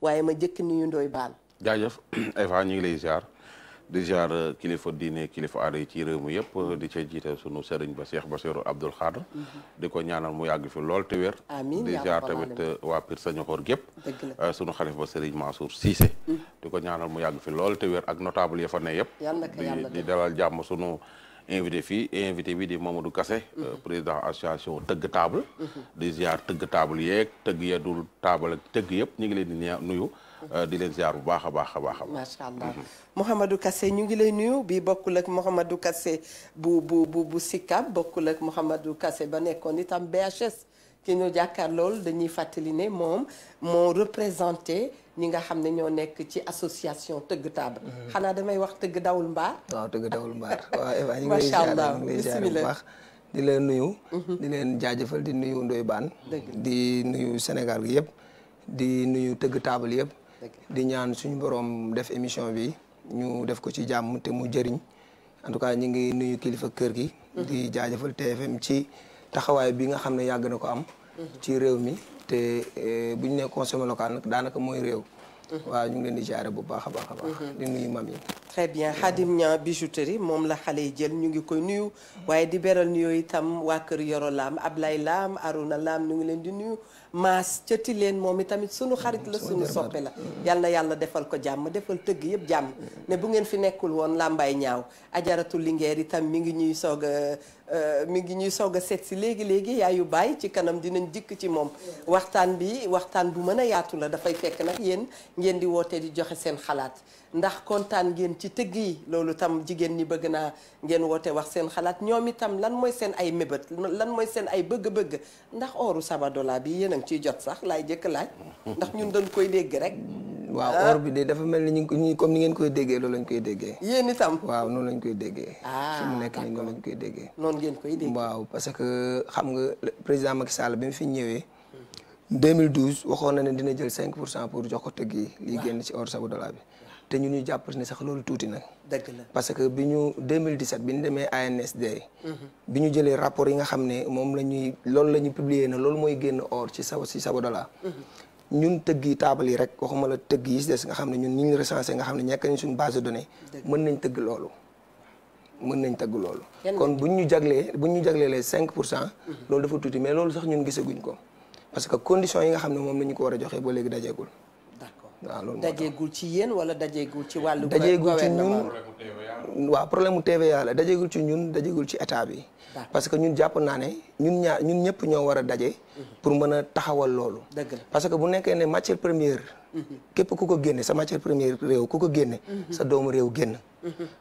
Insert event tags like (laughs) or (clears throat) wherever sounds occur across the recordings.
waaye ma jëkk nuyu Ndoye Bane jaajëf (clears throat) Eva ñu ngi lay ziar di ziar euh, kilifa diine kilifa aada yi ci réew mi yëpp euh, di ca jiite sunu sëriñ ba Cheikh Bassirou Abdoul Khadr mhm. di ko ñaanal mu yàgg fi lool te wér di ziar tamit euh, waa Pire Sañoxor gépp sunu xalif ba sëriñ Mansour Cissé mhm. di ko ñaanal mu yàgg fi lool te wér ak notable ya fa ne yëpp di dalal jàmm sunu invité fii invité bi di Mamadou kase euh, mhm. président association tëgg table mhm. di ziar tëgg table yeeg tëgg ya dul table tëgg yëpp ñu ngi leen di nuyu mhm. euh, di leen ziar bu baax a baax a baax macha allah Mouhamadou Kassé ñu ngi lay nuyu bi bokkul ak Mouhamadou Kassé bu bu bu bu Sicap bokkul ak Mouhamadou Kassé ba nekkoon itam BHS ki ñu jàkkaar lool dañuy fàttali ne moom moo représenté ñi nga xam ne ñoo nekk ci association tëgg taab. Mhm. xanaa damay wax tëgg dawul mbaar. waaw tëgg dawul mbaar (laughs) waaw Eva ñu ngi lay ziar ñu ngi di leen nuyu. Mhm. di leen jaajëfal di nuyu Ndoye Bane. di nuyu Sénégal yëpp. di nuyu tëgg taabal yëpp. di ñaan suñu borom def émission bi ñu def ko ci jàmm te mu jëriñ en tout cas ñu ngi nuyu kilifa kër gi. Mhm. di jaajëfal TFM ci. taxawaay bi nga xam ne yàgg na ko am. ci réew mi te eh, bu ñu nee consommé local nag daanaka mooy réew. Mm-hmm. waaw ñu ngi leen di jaare bu baax a baax a baax. Mm-hmm. di nuyu mam yi. très bien Khadim Niang moom la xale yi jël ñu ngi koy nuyu. waaye di beral nuyoo itam waa kër Yoro Lam Ablaye Lam Aruna Lam ñu ngi leen di nuyu. Maas cëti leen moom itamit sunu xarit la mm-hmm. sunu soppe la. yal yàlla defal ko jàmm defal tëgg yëpp jàmm. ne bu ngeen fi nekkul woon làmbaay ñaaw ajaratu lingeer itam mi ngi ñuy soog Euh, mi ngi ñuy soog a seet si léegi léegi yaayu baay ci kanam dinañ dikk ci moom waxtaan bi waxtaan bu mën a yaatu la dafay fekk nag yéen ngeen di woote di joxe seen xalaat ndax kontaan ngeen ci tëgg yi loolu tam jigéen ñi bëgg naa ngeen woote wax seen xalaat ñoom itam lan mooy seen ay mébét lan mooy seen ay bëgg-bëgg ndax ooru sabadola bi yéen a ngi ciy jot sax laay jëkk laaj ndax ñun dañ koy dégg rek waaw ah. or bi de dafa mel ni ñu comme ni ngeen koy déggee loolu lañ koy déggee yéen itam waaw lañ koy déggee su ah, mu nekk ni noonu koy déggee noonu ngeen koy dégg. waaw parce que xam nga président Macky Sall bi mu fi ñëwee. 2012 waxoon na ne dina jël 5 pour cent pour jox ko tëgg yi. liy génn ci or sabu bi. te ñu ñu jàpp ne sax loolu tuuti nag. parce que bi ñu bi ñu demee ANSD. Mhm. bi ñu jëlee rapport yi nga xam ne moom la ñuy loolu la ñu publier na loolu mooy génn or ci sa ci sabu dollar. Mhm. ñun tëgg yi taabal yi rek waxuma la tëgg yi des nga xam ne ñun ñu ngi recensé nga xam ne ñekk nañ suñu base données. mën nañ mën nañ tagg loolu kon buñ ñu jaglee bu ñu jaglee les cinq pour cent loolu dafa tuuti mais loolu sax ñun gisaguñ ko parce que condition yi nga xam ne moom la ko war a joxee ba léegi dajeegul waaw loolu dajeegul ci yéen wala dajeegul ci wàllu dajeegul ci ñun waaw problème mu TVA yàlla dajeegul ci ñun dajeegul ci état bi parce que ñun jàpp naa ne ñun ñaar ñun ñëpp ñoo war a daje mhm. pour mën a taxawal loolu parce que bu nekkee ne matière première mhm. képp ku ko génne sa matière première réew ku ko génne mhm. sa doomu réew génn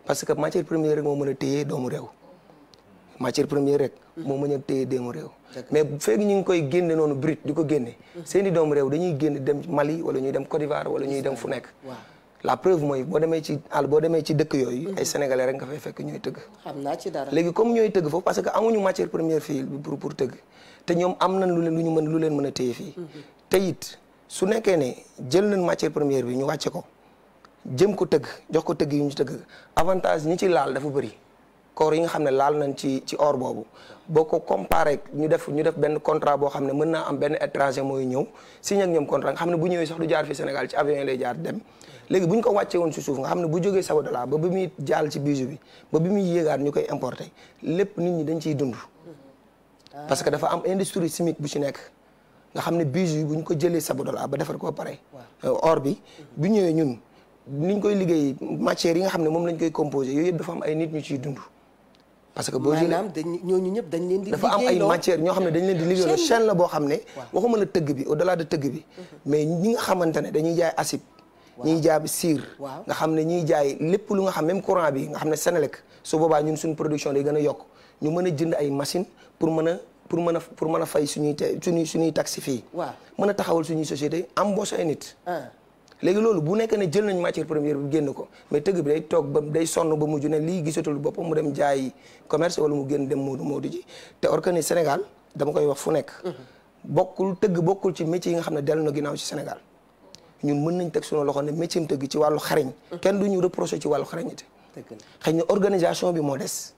parce que matière première rek moo mën a téye doomu réew. matière première rek. moom mën a téye doomu réew. mais fekk ñu ngi koy génne noonu brut di ko génne. seen i doomu réew dañuy génn dem Mali wala ñuy dem Côte d'Ivoire wala ñuy dem fu nekk. la preuve mooy boo demee ci àll boo demee ci dëkk yooyu. ay sénégalais rek nga fay fekk ñooy tëgg. xam naa ci dara léegi comme ñooy tëgg foofu parce que amuñu matière première fii pour pour tëgg te ñoom am nañ lu leen lu ñu mën lu leen mën a téye fii. Mm-hmm. te it su nekkee ne jël nañ matière première bi ñu wàcce ko jëm ko tëgg jox ko tëgg yu ñu tëgg avantage ñi ci laal dafa bëri koor yi nga xam ne laal nañ ci ci or boobu boo ko comparé ñu def ñu def benn contrat boo xam ne mën naa am benn étranger mooy ñëw si ak ñoom contrat nga xam ne bu ñëwee sax du jaar fi Sénégal ci avion lay jaar dem léegi bu ko wàccee woon si suuf nga xam ne bu jógee Saoudi la ba bi muy jaal ci bisu bi ba bi muy yéegaat ñu koy importé lépp nit ñi dañ ciy dund parce que dafa am industrie chimique bu ci nekk nga xam ne bisu bi bu ñu ko jëlee Saoudi ba defar koo pare or bi bu ñëwee ñu niñ koy liggéey matière yi nga xam ne moom lañ koy composé yooyu yëpp dafa am ay nit ñu ciy dund parce que boo jëlee maanaam ñooñu ñëpp dañ leen di dafa am ay matière ñoo xam ne dañ leen di liggéeyloo chaîne la boo xam ne waxuma la tëgg bi au delà de bi mm-hmm. mais ñi nga xamante ne dañuy jaay asib ñiy jaay siir nga xam ne ñiy jaay lépp lu nga xam même courant bi nga xam ne Senelec su boobaa ñun suñ production day gën a yokk ñu mën a jënd ay machine pour mën a pour mën pour mën a fay suñuy te suñuy suñuy taxi fii waaw mën a taxawal suñuy société embauché ay nit léegi loolu bu nekk ne jël nañ matière première bi génn ko mais tëgg bi day toog ba day sonn ba mu ne lii gisatul bopp mu dem jaay commerce wala mu génn dem moodu moodu ji te organise Sénégal dama koy wax fu nekk bokkul tëgg bokkul ci métier yi nga xam ne dellu na ginnaaw ci Sénégal ñun mën nañ teg sunu loxo ne métier am ci wàllu xarañ kenn du ñu reproché ci wàllu xarañite xëy na organisation bi moo des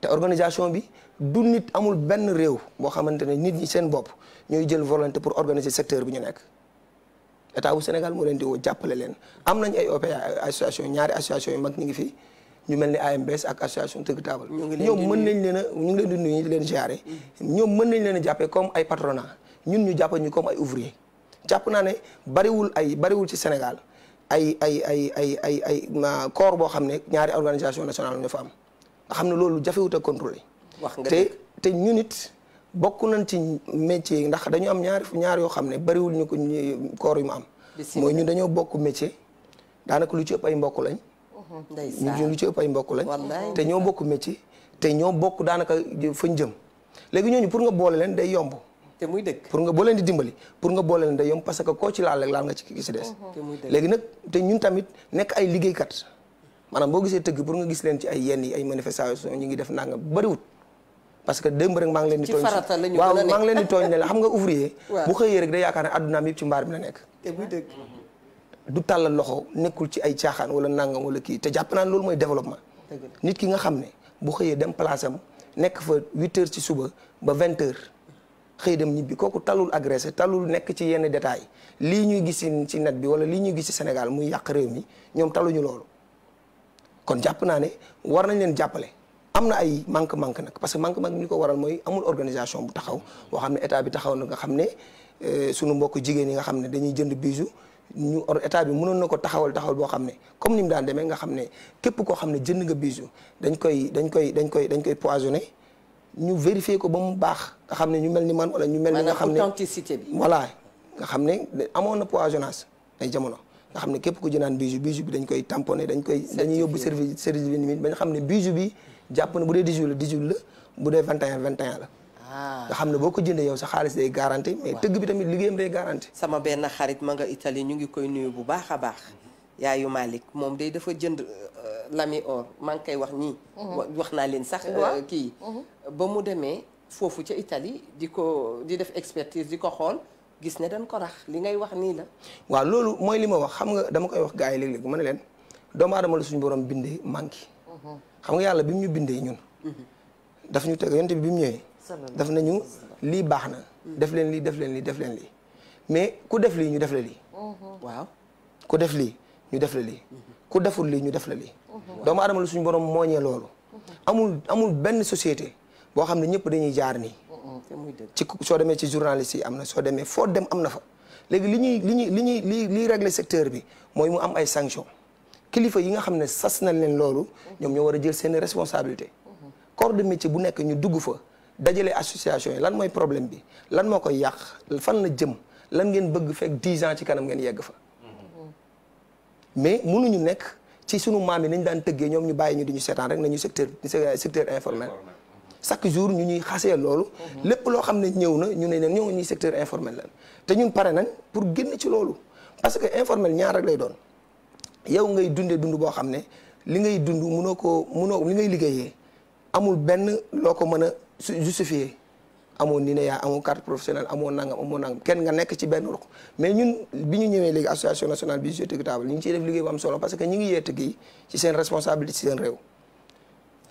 te organisation bi du nit amul benn réew boo xamante ne nit ñi seen bopp ñooy jël volonté pour organiser secteur bi ñu nekk état bu Sénégal moo leen di woo jàppale leen am nañ ay OPA association ñaari association yu mag ñu ngi fi ñu mel ni AMBS ak association tëgg taabal ñoo mën nañ leen a ñu ngi leen di nuyu leen gérer ñoom mën nañ leen a comme ay patronat ñun ñu jàppal ñu comme ay ouvrier jàpp naa ne bariwul ay bariwul ci Sénégal ay ay ay ay ay ay corps boo xam ne ñaari organisation nationale ñu fa am xam ne loolu jafewut a contrôler te te ñun bokk nañ ci métier ndax dañu am ñaari ñaar yoo xam ne bariwul ñu ko koor yu mu am. mooy ñun dañoo bokk métier daanaka lu ci ëpp ay mbokk lañ. ci ëpp ay mbokk lañ. te ñoo bokk métier te ñoo bokk daanaka fañ jëm. léegi ñooñu pour nga boole leen day yomb. te muy dëkk pour nga boo leen pour nga boole leen parce que koo ci laal rek laal nga ci ki si des. léegi nag te ñun tamit nekk ay liggéeykat maanaam boo gisee tëgg pour nga gis leen ci ay yenn yi ay manifestations ñu ngi def nangam bariwut parce que démb rek maa ngi leen di tooñ waaw maa ngi leen di tooñ ne la xam nga ouvrier (laughs) bu xëyee rek day yaakaar ne addunaam yëpp ci mbaar bi la nekk du tàllal loxo nekkul ci ay caaxaan wala nangam wala kii te jàpp naa ne loolu mooy développement nit ki nga xam ne bu xëyee dem place am nekk fa huit heures ci suba ba vingt heures xëy dem ñibbi kooku talul agressé talul nekk ci yenn détails lii ñuy gis ci net bi wala lii ñuy gis ci Sénégal muy yàq réew mi ñoom taluñu loolu kon jàpp naa ne war nañ leen jàppale am na ay manque-manque nag parce que manque-manque ni ñu ko waral mooy amul organisation bu taxaw boo xam ne état bi taxaw na nga xam ne sunu mbokk jigéen yi nga xam ne dañuy jënd bijou ñu or bi mënoon na ko taxawal taxawal boo xam ne comme ni mu daan demee nga xam ne képp koo xam ne jënd nga bijou dañ koy dañ koy dañ koy dañ koy poisonné ñu vérifier ko ba mu baax nga xam ne ñu mel ni man wala ñu mel ni nga xam ne authenticité bi voilà nga xam ne amoon na poisonnage ay jamono nga xam ne képp ku jëndaan bijou bijou bi dañ koy tamponné dañ koy dañuy yóbbu service service bi limite ba nga xam ne bijou bi jàpp ne bu dee 18 la 18 la bu dee 21 21 la. Ah. xam ne boo ko jëndee yow sa xaalis day garanti. mais tëgg bi tamit liggéeyam day garanti. sama benn xarit ma nga itali ñu ngi koy nuyu bu baax a baax. yaayu Malick moom day dafa jënd euh, lami or maa ngi koy wax nii mhm. wax naa leen sax. Euh, kii mhm. ba mu demee foofu ca itali di ko di def expertise di ko xool. gis ne dañ ko rax li ngay wax nii la. waaw loolu mooy li ma wax xam nga dama koy wax gars yi léeg-léeg ma ne leen doomu aadama suñu borom bindee manqué. xam nga yàlla bi mu ñu bindee ñun. daf ñu teg yonte bi bi mu ñëwee. daf nañu lii baax na. def leen lii def leen lii def leen lii mais ku def lii ñu def la lii. Mm-hmm. waaw ku def lii ñu def la lii. Mm-hmm. ku deful lii ñu def la lii. Mm-hmm. doomu aadama lu suñu borom mooñee loolu. amul amul benn societé boo xam ne ñëpp dañuy jaar nii. ci soo demee ci journaliste yi am na soo demee foo dem am na fa léegi li ñuy li ñuy li ñuy li liy régler secteur bi mooy mu am ay sanctions. kilifa yi nga xam ne sas nañ leen loolu ñoom ñoo war a jël seen responsabilité corps de bu nekk ñu dugg fa dajale association yi lan mooy problème bi lan moo koy yàq fan la jëm lan ngeen bëgg fekk 10 ans ci kanam ngeen yegg fa mais mënuñu nekk ci sunu maam yi nañ daan tëggee ñoom ñu bàyyi ñu di ñu seetaan rek nañu secteur secteur informel chaque jour ñu ñuy xasee loolu lépp loo xam ne ñëw na ñu ne leen ñoo ñuy secteur informel la te ñun pare nañ pour génn ci loolu parce que informel ñaar rek lay doon yow ngay dundee dund boo xam ne li ngay dund munoo ko munoo li ngay liggéeyee amul benn loo ko mën a justifier amoo ni ne yaa amoo carte professionnelle amoo nangam amoo nangam kenn nga nekk ci benn ruq mais ñun bi ñu ñëwee léegi association nationale bi jeu équitable ñu ngi ciy def liggéey bu am solo parce que ñu ngi yee tëgg yi ci seen responsabilité seen réew.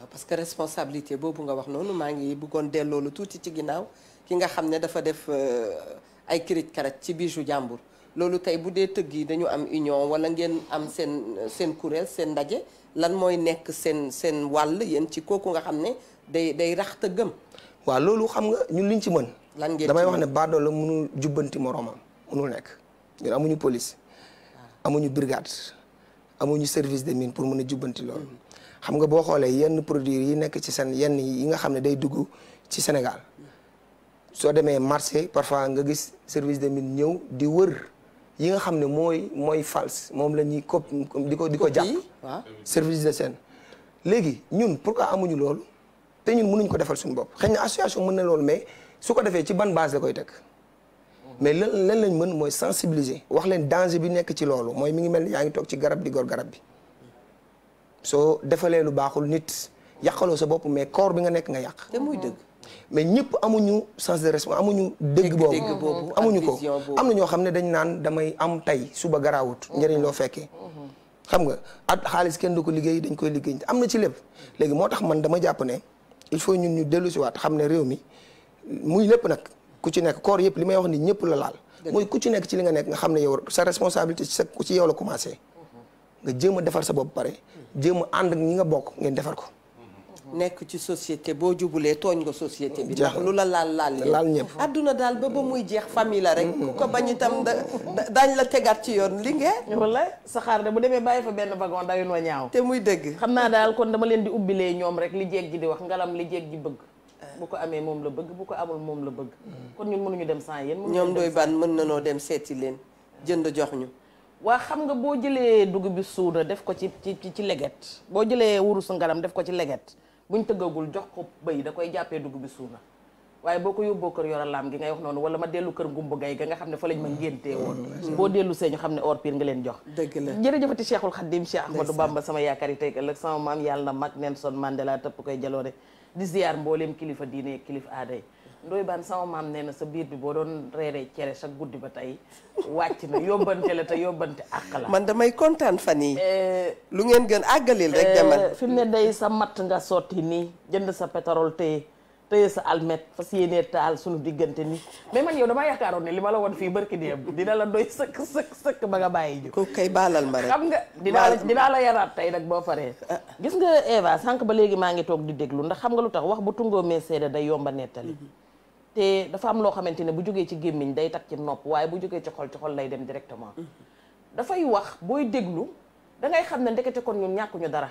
parce que responsabilité boobu nga wax noonu maa ngi bëggoon delloo lu tuuti ci ginnaaw ki nga xam ne dafa def euh, ay kirit karat ci biiju jàmbur. loolu tey bu dee tëgg yi dañu am union wala ngeen am seen seen kuréel seen ndaje lan mooy nekk seen seen wàll yéen ci kooku nga xam ne day day rax tëggam gëm. waaw loolu xam nga ñun liñ ci mën. lan ngeen damay wax ne baadoo la mënul jubbanti moroomam mënul nekk ñun amuñu police. Ah. amuñu brigade amuñu service de mines pour mun a jubbanti loolu. Hmm. xam nga boo xoolee yenn produits yi nekk ci seen yenn yi nga xam ne day dugg ci Sénégal hmm. soo demee marché parfois nga gis service de mines ñëw di wër. yi nga xam ne mooy mooy false moom la ñuy cop di ko di ko jàpp service de scène léegi ñun pourquoi amuñu loolu te ñun mënuñ ko defal suñu bopp xëy na association mën na loolu mais su ko defee ci ban base koy teg mais lan lan lañ mën mooy sensibiliser wax leen danger bi nekk ci loolu mooy mi ngi mel ni yaa ngi toog ci garab di gor garab bi soo defalee lu baaxul nit yàqaloo sa bopp mais coor bi nga nekk nga yàq muy dëgg mais ñëpp amuñu sens de responsabilité amuñu dëgg boobu amuñu ko am na ñoo xam ne dañ naan damay am tey suba garaawut mm-hmm. njëriñ loo fekkee mm-hmm. xam nga at xaalis kenn du ko liggéey dañ koy liggéey am na ci lépp léegi moo tax man dama jàpp ne il faut ñun ñu dellu si xam ne réew mi muy lépp nag ku ci nekk koor yëpp li may wax ni ñëpp la laal mooy ku ci nekk ci li nga nekk nga xam ne yow sa responsabilité sa ku ci yow la commencé mm-hmm. nga jéem a defar sa bopp pare jéem ànd ak ñi nga bokk ngeen defar ko nekk ci société boo jubulee tooñ nga société bi ndax lu la laal laal laal ñëpp adduna daal ba ba muy jeex famille la rek mm-hmm. ku ko bañ itam da dañ la tegaat ci yoon li ngeen wallaay saxaar de bu demee bàyyi fa benn wagon dayu noo ñaaw te muy dëgg xam naa daal kon dama leen di ubbilee ñoom rek li jeeg ji di wax ngalam li jeeg ji bëgg bu ko amee moom la bëgg bu ko amul moom la bëgg mm-hmm. kon ñun ñu dem sans yéen ñoom doy ban mën na noo dem seeti leen jënd jox ñu waa xam nga boo jëlee dugub bi suuna def ko ci ci ci leget boo jëlee wurusu ngalam def ko ci leget buñ tëggagul jox ko bëy da koy jàppee dugub bi suuna waaye boo ko yóbboo kër yora laam gi ngay wax noonu wala ma dellu kër ngumba gay ga nga xam ne fa lañ ma ngéntee woon mm, boo dellu see ñu xam ne or pire nga leen jox dëgg la jërëjëfati cheikhul xadim cheikh ahmadou bamba sama yaakaar yi tey ëllëg sama maam yàlla na mag Nelson Mandela tëpp koy jaloore di ziar mbooleem kilifa diine kilifa aaday ndoy baan sama maam nee na sa biir bi boo doon reeree cere sa guddi ba tey wàcc na yóbbante la te yóbbante àq la man damay kontaan fan yi eh, lu ngeen gën àggalil rek eh, demal fi mu ne day sa matt nga sotti nii jënd sa pétrole téye téye sa almet fas yéenee taal sunu diggante nii mais man yow damaa yaakaaroon ne li ma la woon fii barki démb dina la doy sëkk sëkk sëkk ba nga bàyyi ju ko kay baalal ma rek xam nga dinaa la dinaa la yaraat tey nag boo faree ah. gis nga Eva sànq ba léegi maa ngi toog di déglu ndax xam nga lu tax wax bu tungoomee seede day yomba nettali mhm. te dafa am loo xamante ne bu jógee ci gémmiñ day tag ci nopp waaye bu jógee ci xol ci xol lay dem directement mhm. dafay wax booy déglu da ngay xam ne ndekete kon ñun ñàkkuñu dara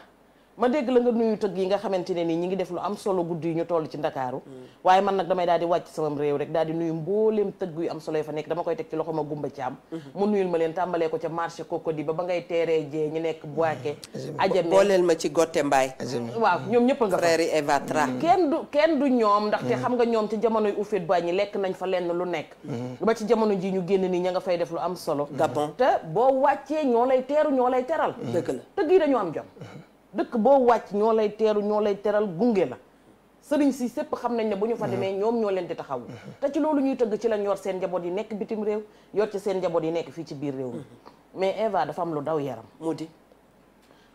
ma dégg la nga nuyu tëgg yi nga xamante ne nii ñi ngi def lu am solo guddi yi ñu toll ci ndakaaru mm. waaye man nag damay daal di wàcc samam réew rek daal di nuyu mbooleem tëgg yu am solo yi fa nekk dama koy teg ci loxo ma gumba caam mm-hmm. mu nuyul ma ko ca marché Cocody ba ba ngay teeree jee ñu nekk Boaké mm-hmm. ajame booleel ma ci gotte mbaay mm-hmm. waaw ñoom ñëpp nga fa frère Eva Tra kenn du kenn du ñoom xam nga ñoom ci jamonoy uféet ba ñi lekk nañ fa lenn lu nekk ba ci jamono ji ñu génn nii ña nga fay def lu am solo Gabon te boo wàccee ñoo lay teeru ñoo lay teral dëgg la tëgg yi dañu am jom dëkk boo wàcc ñoo lay teeru ñoo lay teral gunge la sëriñ si sépp xam nañ ne bu ñu fa demee mm-hmm. ñoom ñoo leen di taxawu mm-hmm. te ci loolu ñuy tëgg ci lañ yor seen njaboot yi nekk bitim réew yor ci seen njaboot yi nekk fii ci biir réew mi mm-hmm. mais Eva dafa am lu daw yaram moo di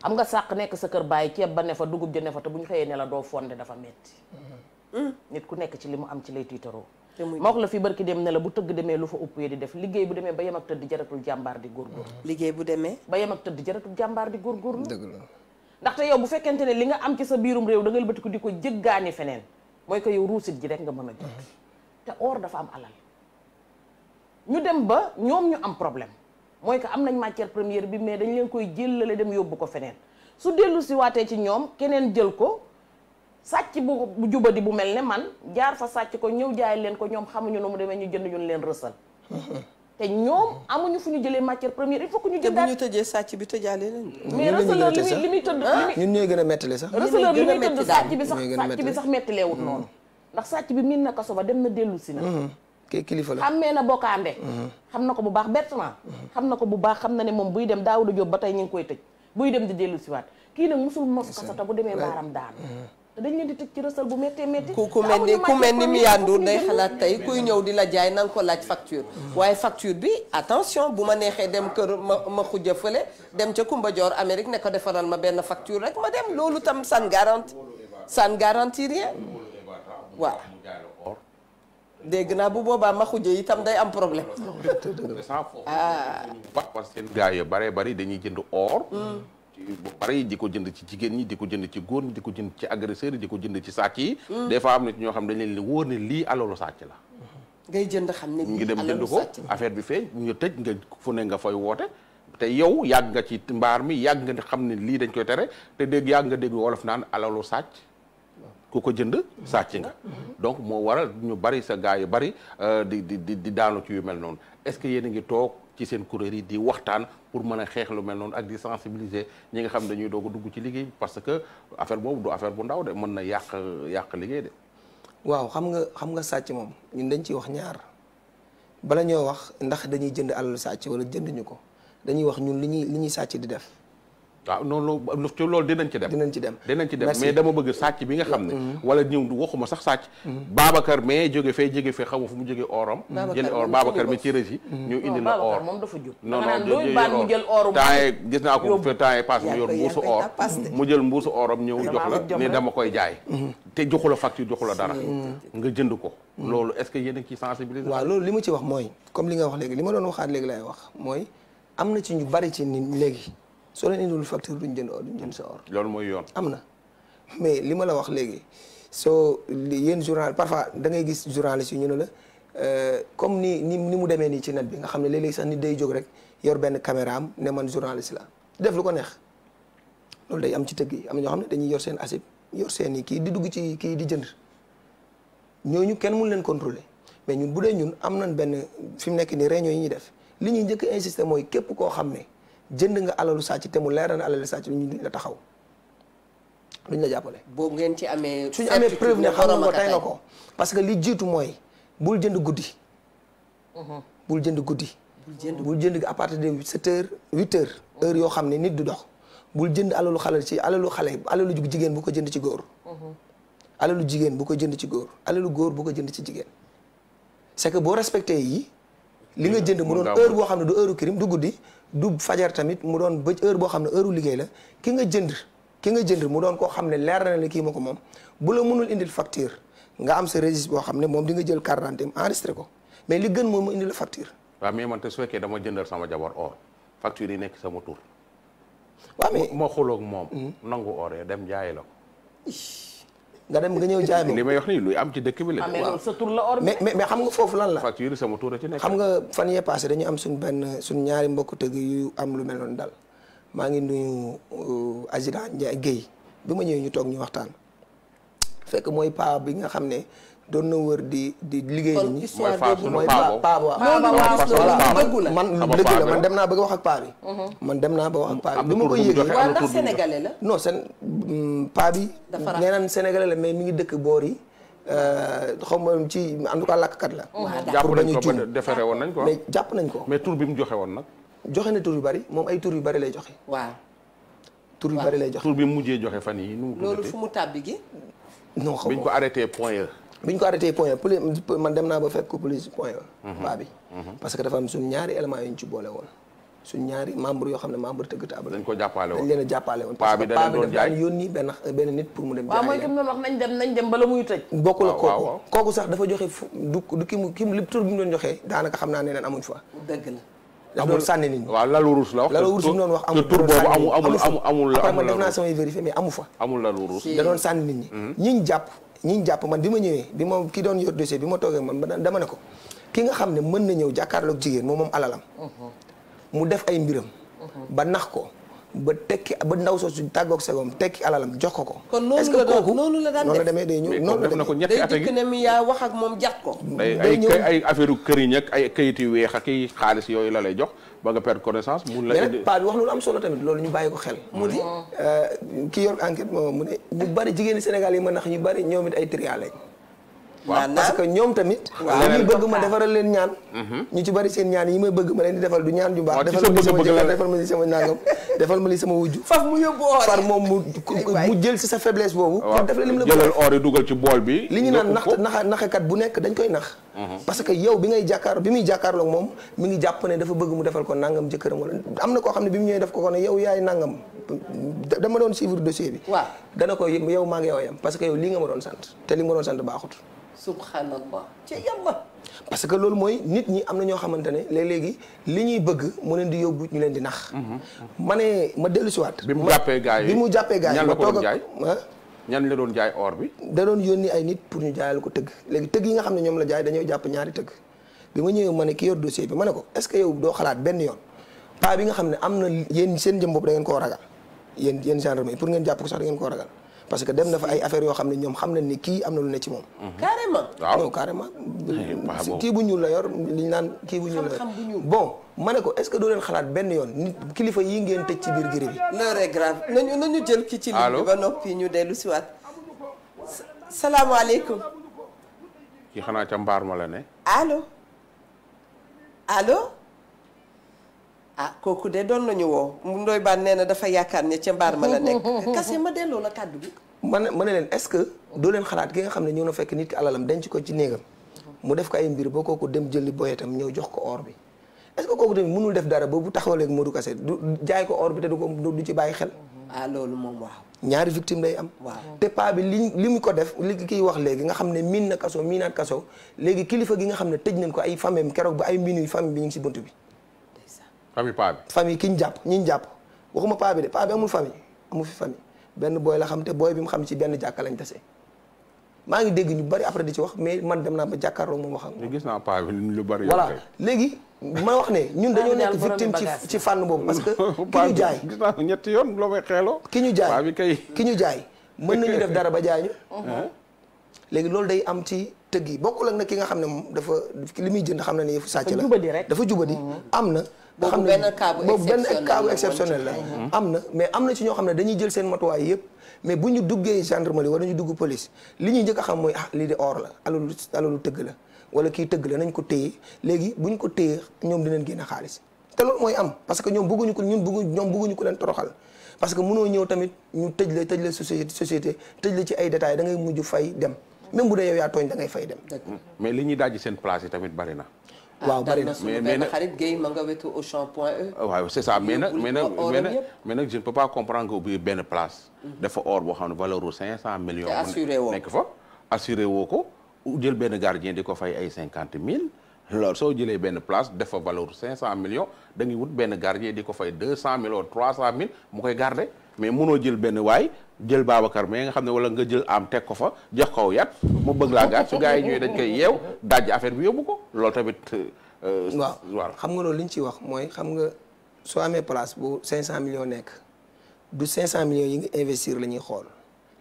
xam nga sàq nekk sa kër bàyyi ceeb ba ne fa dugub ja ne fa te bu ñu xëyee ne la doo fonde dafa metti mm. nit ku nekk ci li mu am ci lay tiitaroo ma wax la fi barki dem ne la bu tëgg demee lu fa upp yee di def liggéey bu demee ba yem ak tëdd jaratul jàmbaar di góorgóorlu liggéey bu demee ba yem ak tëdd jaratul jàmbaar di góorgóorlu dëgg la ndaxte yow bu fekkente ne li nga am ci sa biirum réew da nga bëtt ko di ko jëggaani feneen mooy ko yow ruusit ji rek nga mën a jot mm-hmm. te or dafa am alal ñu dem ba ñoom ñu am problème mooy que am nañ matière première bi mais dañ leen koy jëlale dem yóbbu ko feneen su dellu si waatee ci ñoom keneen jël ko sàcc bu bu jubadi bu mel ne man jaar fa sàcc ko ñëw jaay leen ko ñoom xamuñu nu mu demee ñu jënd ñun leen rësal mm-hmm. te ñoom amuñu fu ñu jëlee matière première il faut que ñu jëndaat te bu ñu tëjee sàcc bi tëjaale leen. mais receleur li muy li muy tëdd ah? gën a mettale sax receleur li muy tëdd sàcc bi sax sàcc bi mm-hmm. noonu ndax sàcc bi miin na kaso ba dem na dellu si na mm-hmm. kilifa la xammee na bokkaande mm-hmm. xam na ko bu baax Bertrand xam na ko bu baax xam na ne moom buy dem Daouda Diop ba tey ñu ngi koy tëj buy dem di dellu siwaat kii nag mosul mos kaso te bu demee baaram daan dañ leen di tëj ci rësal bu méttee métti ku ku mel ni ku mel ni day xalaat tey kuy ñëw di la jaay na ko laaj facture mm. waaye facture bi attention bu ma neexee dem kër ma ma xujja fële dem ca Kumba Joor Amérique ne defaral ma benn facture rek ma dem loolu tam san garanti san garanti rien waaw dégg naa bu boobaa ma xujje itam day am problème. (laughs) ah. parce que seen gars yi bare bari dañuy jënd or. Mm. bu bari di ko jënd ci jigéen ñi di ko jënd ci góor ñi di ko jënd ci agresseur yi di ko jënd ci sàcc yi mm. des fois am na ci ñoo xam ne lii alalu sàcc la mm-hmm. ngay jënd xam ne ngi dem jënd ko affaire bi feeñ ñu tëj nga fu ne nga fay woote te yow yàgg nga ci mbaar mi yàgg nga xam ne lii dañ koy tere te dégg yàgg nga dégg wolof naan alalu sàcc ku ko jënd sàcc nga mm-hmm. donc moo waral ñu bari sa gaa yu bari euh, di di di daanu ci yu mel noonu est-ce que yéen ngi toog ci seen kuréel yi di waxtaan pour mën a xeex lu mel noonu ak di sensibiliser ñi nga xam dañuy doog dugg ci liggéey parce que affaire boobu du affaire bu ndaw de mën na yàq yàq liggéey de. waaw xam nga xam nga sàcc moom ñun dañ ciy wax ñaar bala ñoo wax ndax dañuy jënd alalu sàcc wala jënduñu ko dañuy wax ñun li ñuy li ñuy sàcc di def. waaw noonu loolu dinañ ci dem dinañ ci dem dinañ ci dem mais dama bëgg sàcc bi nga xam ne mm-hmm. wala ñëw waxuma sax sàcc mm-hmm. Babacar mais jóge fee jóge fee xamu fu mu jóge oram jële or Babacar mi ci régi mm-hmm. ñu indi la or moom dafa jub non non gis naa ko fe temps passe mu yor mu jël mbuusu oram ñëw jox la ni dama koy jaay te joxu la facture joxu la dara nga jënd ko loolu est-ce que yéen a ngi ciy li ma ci wax mooy comme li nga wax léegi li ma doon waxaat léegi lay wax mooy am na ci ñu bari ci nit léegi soo leen indiwul facture duñ jënd or duñ jënd sa or. loolu mooy yoon am na mais li ma la wax léegi soo yéen journal parfois da ngay gis journaliste yi ñu ne la euh, comme ni ni ni mu demee nii ci net bi nga xam ne lee léeg sax nit day jóg rek yor benn caméra am ne man journaliste la def lu ko neex loolu day am ci tëgg yi am ñoo xam ne dañuy yor seen asib yor seen i kii di dugg ci kii di jënd ñooñu kenn mun leen contrôler mais ñun bu dee ñun am nañ benn fi mu nekk nii réunion yi ñuy def li ñuy njëkk insister mooy képp koo xam ne. jënd nga alalu sàcc te mu leer na alalu sàcc ñu la taxaw luñ la jàppale. boobu ngeen ci amee. suñu amee preuve ne xam nga ko tey nga ko. parce que li jiitu mooy mhm. bul jënd guddi. bul jënd guddi. bul jënd à partir de sept heures huit heures. yoo xam ne nit du dox. bul jënd alalu xale ci alalu xale alalu jigéen bu ko jënd ci góor. Mhm. alalu jigéen bu ko jënd ci góor alalu góor bu ko jënd ci jigéen. c'est que boo respecté yi li nga jënd mu doon heure boo xam ne du heure crime du guddi du fajar tamit mu doon ba heure boo xam ne heure liggéey la ki nga jënd ki nga jënd mu doon koo xam ne leer na ne kii ma ko moom bu la mënul indil facture nga am sa registre boo xam ne moom di nga jël carte d'identité enregistré ko mais li gën mooy mu indil la facture. waaw mais man su fekkee dama jëndal sama jabar or facture yi nekk sama tur. waa mais ma xulóog moom. Hmm. nangu or dem jaayi la ko. nga dem nga ñëw jaay ma li may wax nii luy am ci dëkk bi la. Ah, sa tur la or mais mais xam nga foofu lan la. xam nga fan yee passé dañu am suñ benn suñ ñaari mbokk tëgg yu am lu mel noonu dal maa ngi nuyu euh, Azira Ndiaye Guèye bi ma ñëwee ñu toog ñu waxtaan fekk mooy paa bi nga xam ne doon na wër di di liggéey nii mooy paa boobu voilà man dëgg la man dem naa bëgg wax ak paa bi mhm. man dem naa ba wax ak paa bi bi ma ko yëgee waaw ndax sénégalais la non seen mm, paa bi nee naan sénégalais la mais mi ngi dëkk boor yi euh, xaw ma ci en tout cas làkkat la pour bañu ci defere woon nañ ko mais jàpp nañ ko mais tur bi mu joxe woon nag joxe na tur yu bari moom ay tur yu bari lay joxe waaw tur yu bari lay joxe tur bi mujjee joxe fan yi nu loolu fu mu tàbbi gi non xaw ma biñ ko arrêté point e. bi ñu ko arrêté point police man dem naa ba fekk ko police point ba mhm. bi mhm. parce que dafa am suñ membre yoo xam ne membre tëgg table dañ ko mu dem jaay waaw mooy ki mu doon wax nañ dem nañ dem bala joxe fu bi mu doon joxee daanaka xam naa ne neen amuñ fa dëgg la daf doon sànni nit ñi mu doon wax amul tur boobu jàpp ñi ñu jàpp man bi ma ñëwee bi ma ki doon yor dossier bi ma toogee man dama ne ko ki nga xam ne mën na ñëw jàkkaarloog jigéen moom moom alalam. Mhm. mu def ay mbiram. Mhm. ba nax ko ba tekki ba ndaw soosu tàggoog sagom tekki alalam jox ko ko. kon noonu la doon noonu la daan def noonu demee day ñëw. def na ko ñetti at a ne mi yaa wax ak moom jàpp ko. day ñëw ay ay affaire këriñ ak ay kayitu weex ak i xaalis yooyu la lay jox. ba nga perdre connaissance. mun la indi mais paa bi wax am solo tamit loolu ñu bàyyi ko xel. mu di mm-hmm. euh, kii yor enquête moo mu ne ñu bari jigéenu Sénégal yi ma nax ñu bari ñoom it ay trial waaw parce que ñoom tamit dañuy bëgg ma defaral leen ñaan mhm. ñu ci bari seen ñaan yi may bëgg ma leen di defal du ñaan ju baax defal ma li sama jëkkër defal ma li (laughs) wujju faf mu yóbbu or moom mu jël si sa faiblesse boobu pour def la lim la dugal ci bool bi li ñu naan nax naxa naxekat bu nekk dañ koy nax mhm. parce que yow bi ngay jàkkaar bi muy jàkkaarloog moom mi ngi jàpp ne dafa bëgg mu defal ko nangam jëkkëram wala am na koo xam ne bi mu ñëwee def ko ko ne yaay nangam dama doon suivre dossier bi waaw dana ko yow maa ngi yow yam parce que yow lii nga ma doon sant te li nga ma doon sant baaxut subhanallah ci yàlla parce que loolu mooy nit ñi am na ñoo xamante ne léeg-léegi li ñuy bëgg mu leen di yóbbu ñu leen di nax mm-hmm. Mm-hmm. ma ne ma dellu si waat bi mu jàppee bi mu jàppee gars yi ma toog ak ah? jaay or bi da doon yónni pour ñu jaayal ko tëgg léegi tëgg yi nga xam ne ñoom la jaay dañoo jàpp ñaari tëgg bi ma ñëwee ma ne bi ma ne ko est-ce que doo xalaat benn yoon paa bi nga xam ne am na yéen seen jëm bopp da ngeen koo ragal yéen yéen gendarmerie pour ngeen jàpp ko sax da ngeen koo ragal parce que dem na fa ay affaires yoo xam ne ñoom xam na ni kii am na lu ne ci moom. Mhm. carrément. waaw carrément. Eh, kii bu ñuul la yor li ñu naan kii bu ñuul la yor bon. ma ne ko est-ce que doo leen xalaat benn yoon nit kilifa yi ngeen tëj ci biir giri bi. non c'est grave nañu nañu jël ki ci ligne ba ba noppi ñu dellu si waat. salaamaaleykum. kii xanaa ca mbaar ma la ne. allo allo. ah kooku de doon nañu woo Ndoye Bane nee na dafa yaakaar ne ca mbaar ma la nekk. (laughs) kase ma delloo la kàddu bi. ma ne leen est-ce que doo leen xalaat ki nga xam ne ñëw na fekk nit ki alalam denc ko ci néegam. mu def ko ay mbir ba kooku dem jëli boyetam ñëw jox ko or bi. kooku mënul def dara ba bu taxawalee ak Modou Kassé du jaay ko or bi te du ko du ci bàyyi xel. ah loolu moom waaw. ñaari victime lay am. waaw te paa bi li li mu ko def li kiy wax léegi nga xam ne miin na kaso miinaat kaso léegi kilifa gi nga xam ne tëj nañ ko ay famem keroog ba ay mbinuy famille bi ñu ngi si bunt bi famille paa bi famille ki ñu jàpp ñi ñu jàpp waxuma paa de paa amul famille amul fi famille benn booy la xam te booy bi mu xam ci benn jàkka lañ tase maa ngi dégg ñu bari après di ci wax mais man dem naa ba jàkkaarloo moom wax ak gis naa paa bi lu bari voilà léegi ma wax ne ñun dañoo nekk victime ci ci fànn boobu parce que (laughs) ki ñu jaay ki ñu jaay paa bi kay ki ñu jaay mën nañu def dara ba jaay ñu (laughs) léegi loolu day am ci tëgg yi bokkul ak nag ki nga xam ne moom dafa li muy jënd xam na ne yëfu sàcc la dafa jubadi mm-hmm. am na boo xam ne boobu benn cas bu exceptionnel la am na mais am na ci ñoo xam ne dañuy jël seen matuwaay yëpp mais bu ñu duggee gendarmerie wala ñu dugg police li ñuy jëkk xam mooy ah lii di or la alalu alalu tëgg la wala kii tëgg la nañ ko téye léegi bu ñu ko téyee ñoom dinañ génn xaalis te loolu mooy am parce que ñoom bëgguñu ko ñun bëgguñu ñoom bëgguñu ko leen toroxal parce que munoo ñëw tamit ñu tëj la tëj la société société tëj la ci ay détails da ngay mujj fay dem même bu dee yow tooñ da ngay fay dem. mais li ñuy daaj seen place yi tamit bari na. Ah, waaw bari mais mais nag xarit Guèye ma nga wetu Auchan point E. waaw c'est ça mais na mais nag mais nag je ne peux pas comprendre que ubbi benn mm-hmm. boo xam ne valeur bu 500 millions. te assuré woo nekk fa assuré woo ko jël benn gardien di ko fay ay 50 000. alors soo jëlee benn place def fa valeur 500 millions da ngay wut benn gardien di ko fay 200 000 ou 300 000 mu koy garder. mais munoo jël benn waay jël Babacar mais nga xam ne wala nga jël am teg ko fa jox ko yat mu bëgg laa gaat su gars yi ñooy dañ koy yeew daj affaire bi yóbbu ko loolu tamit euh, euh, waaw xam nga loolu li ñu ciy wax mooy xam nga soo amee place bu cinq cent nekk du cinq cent millions yi nga investir la ñuy xool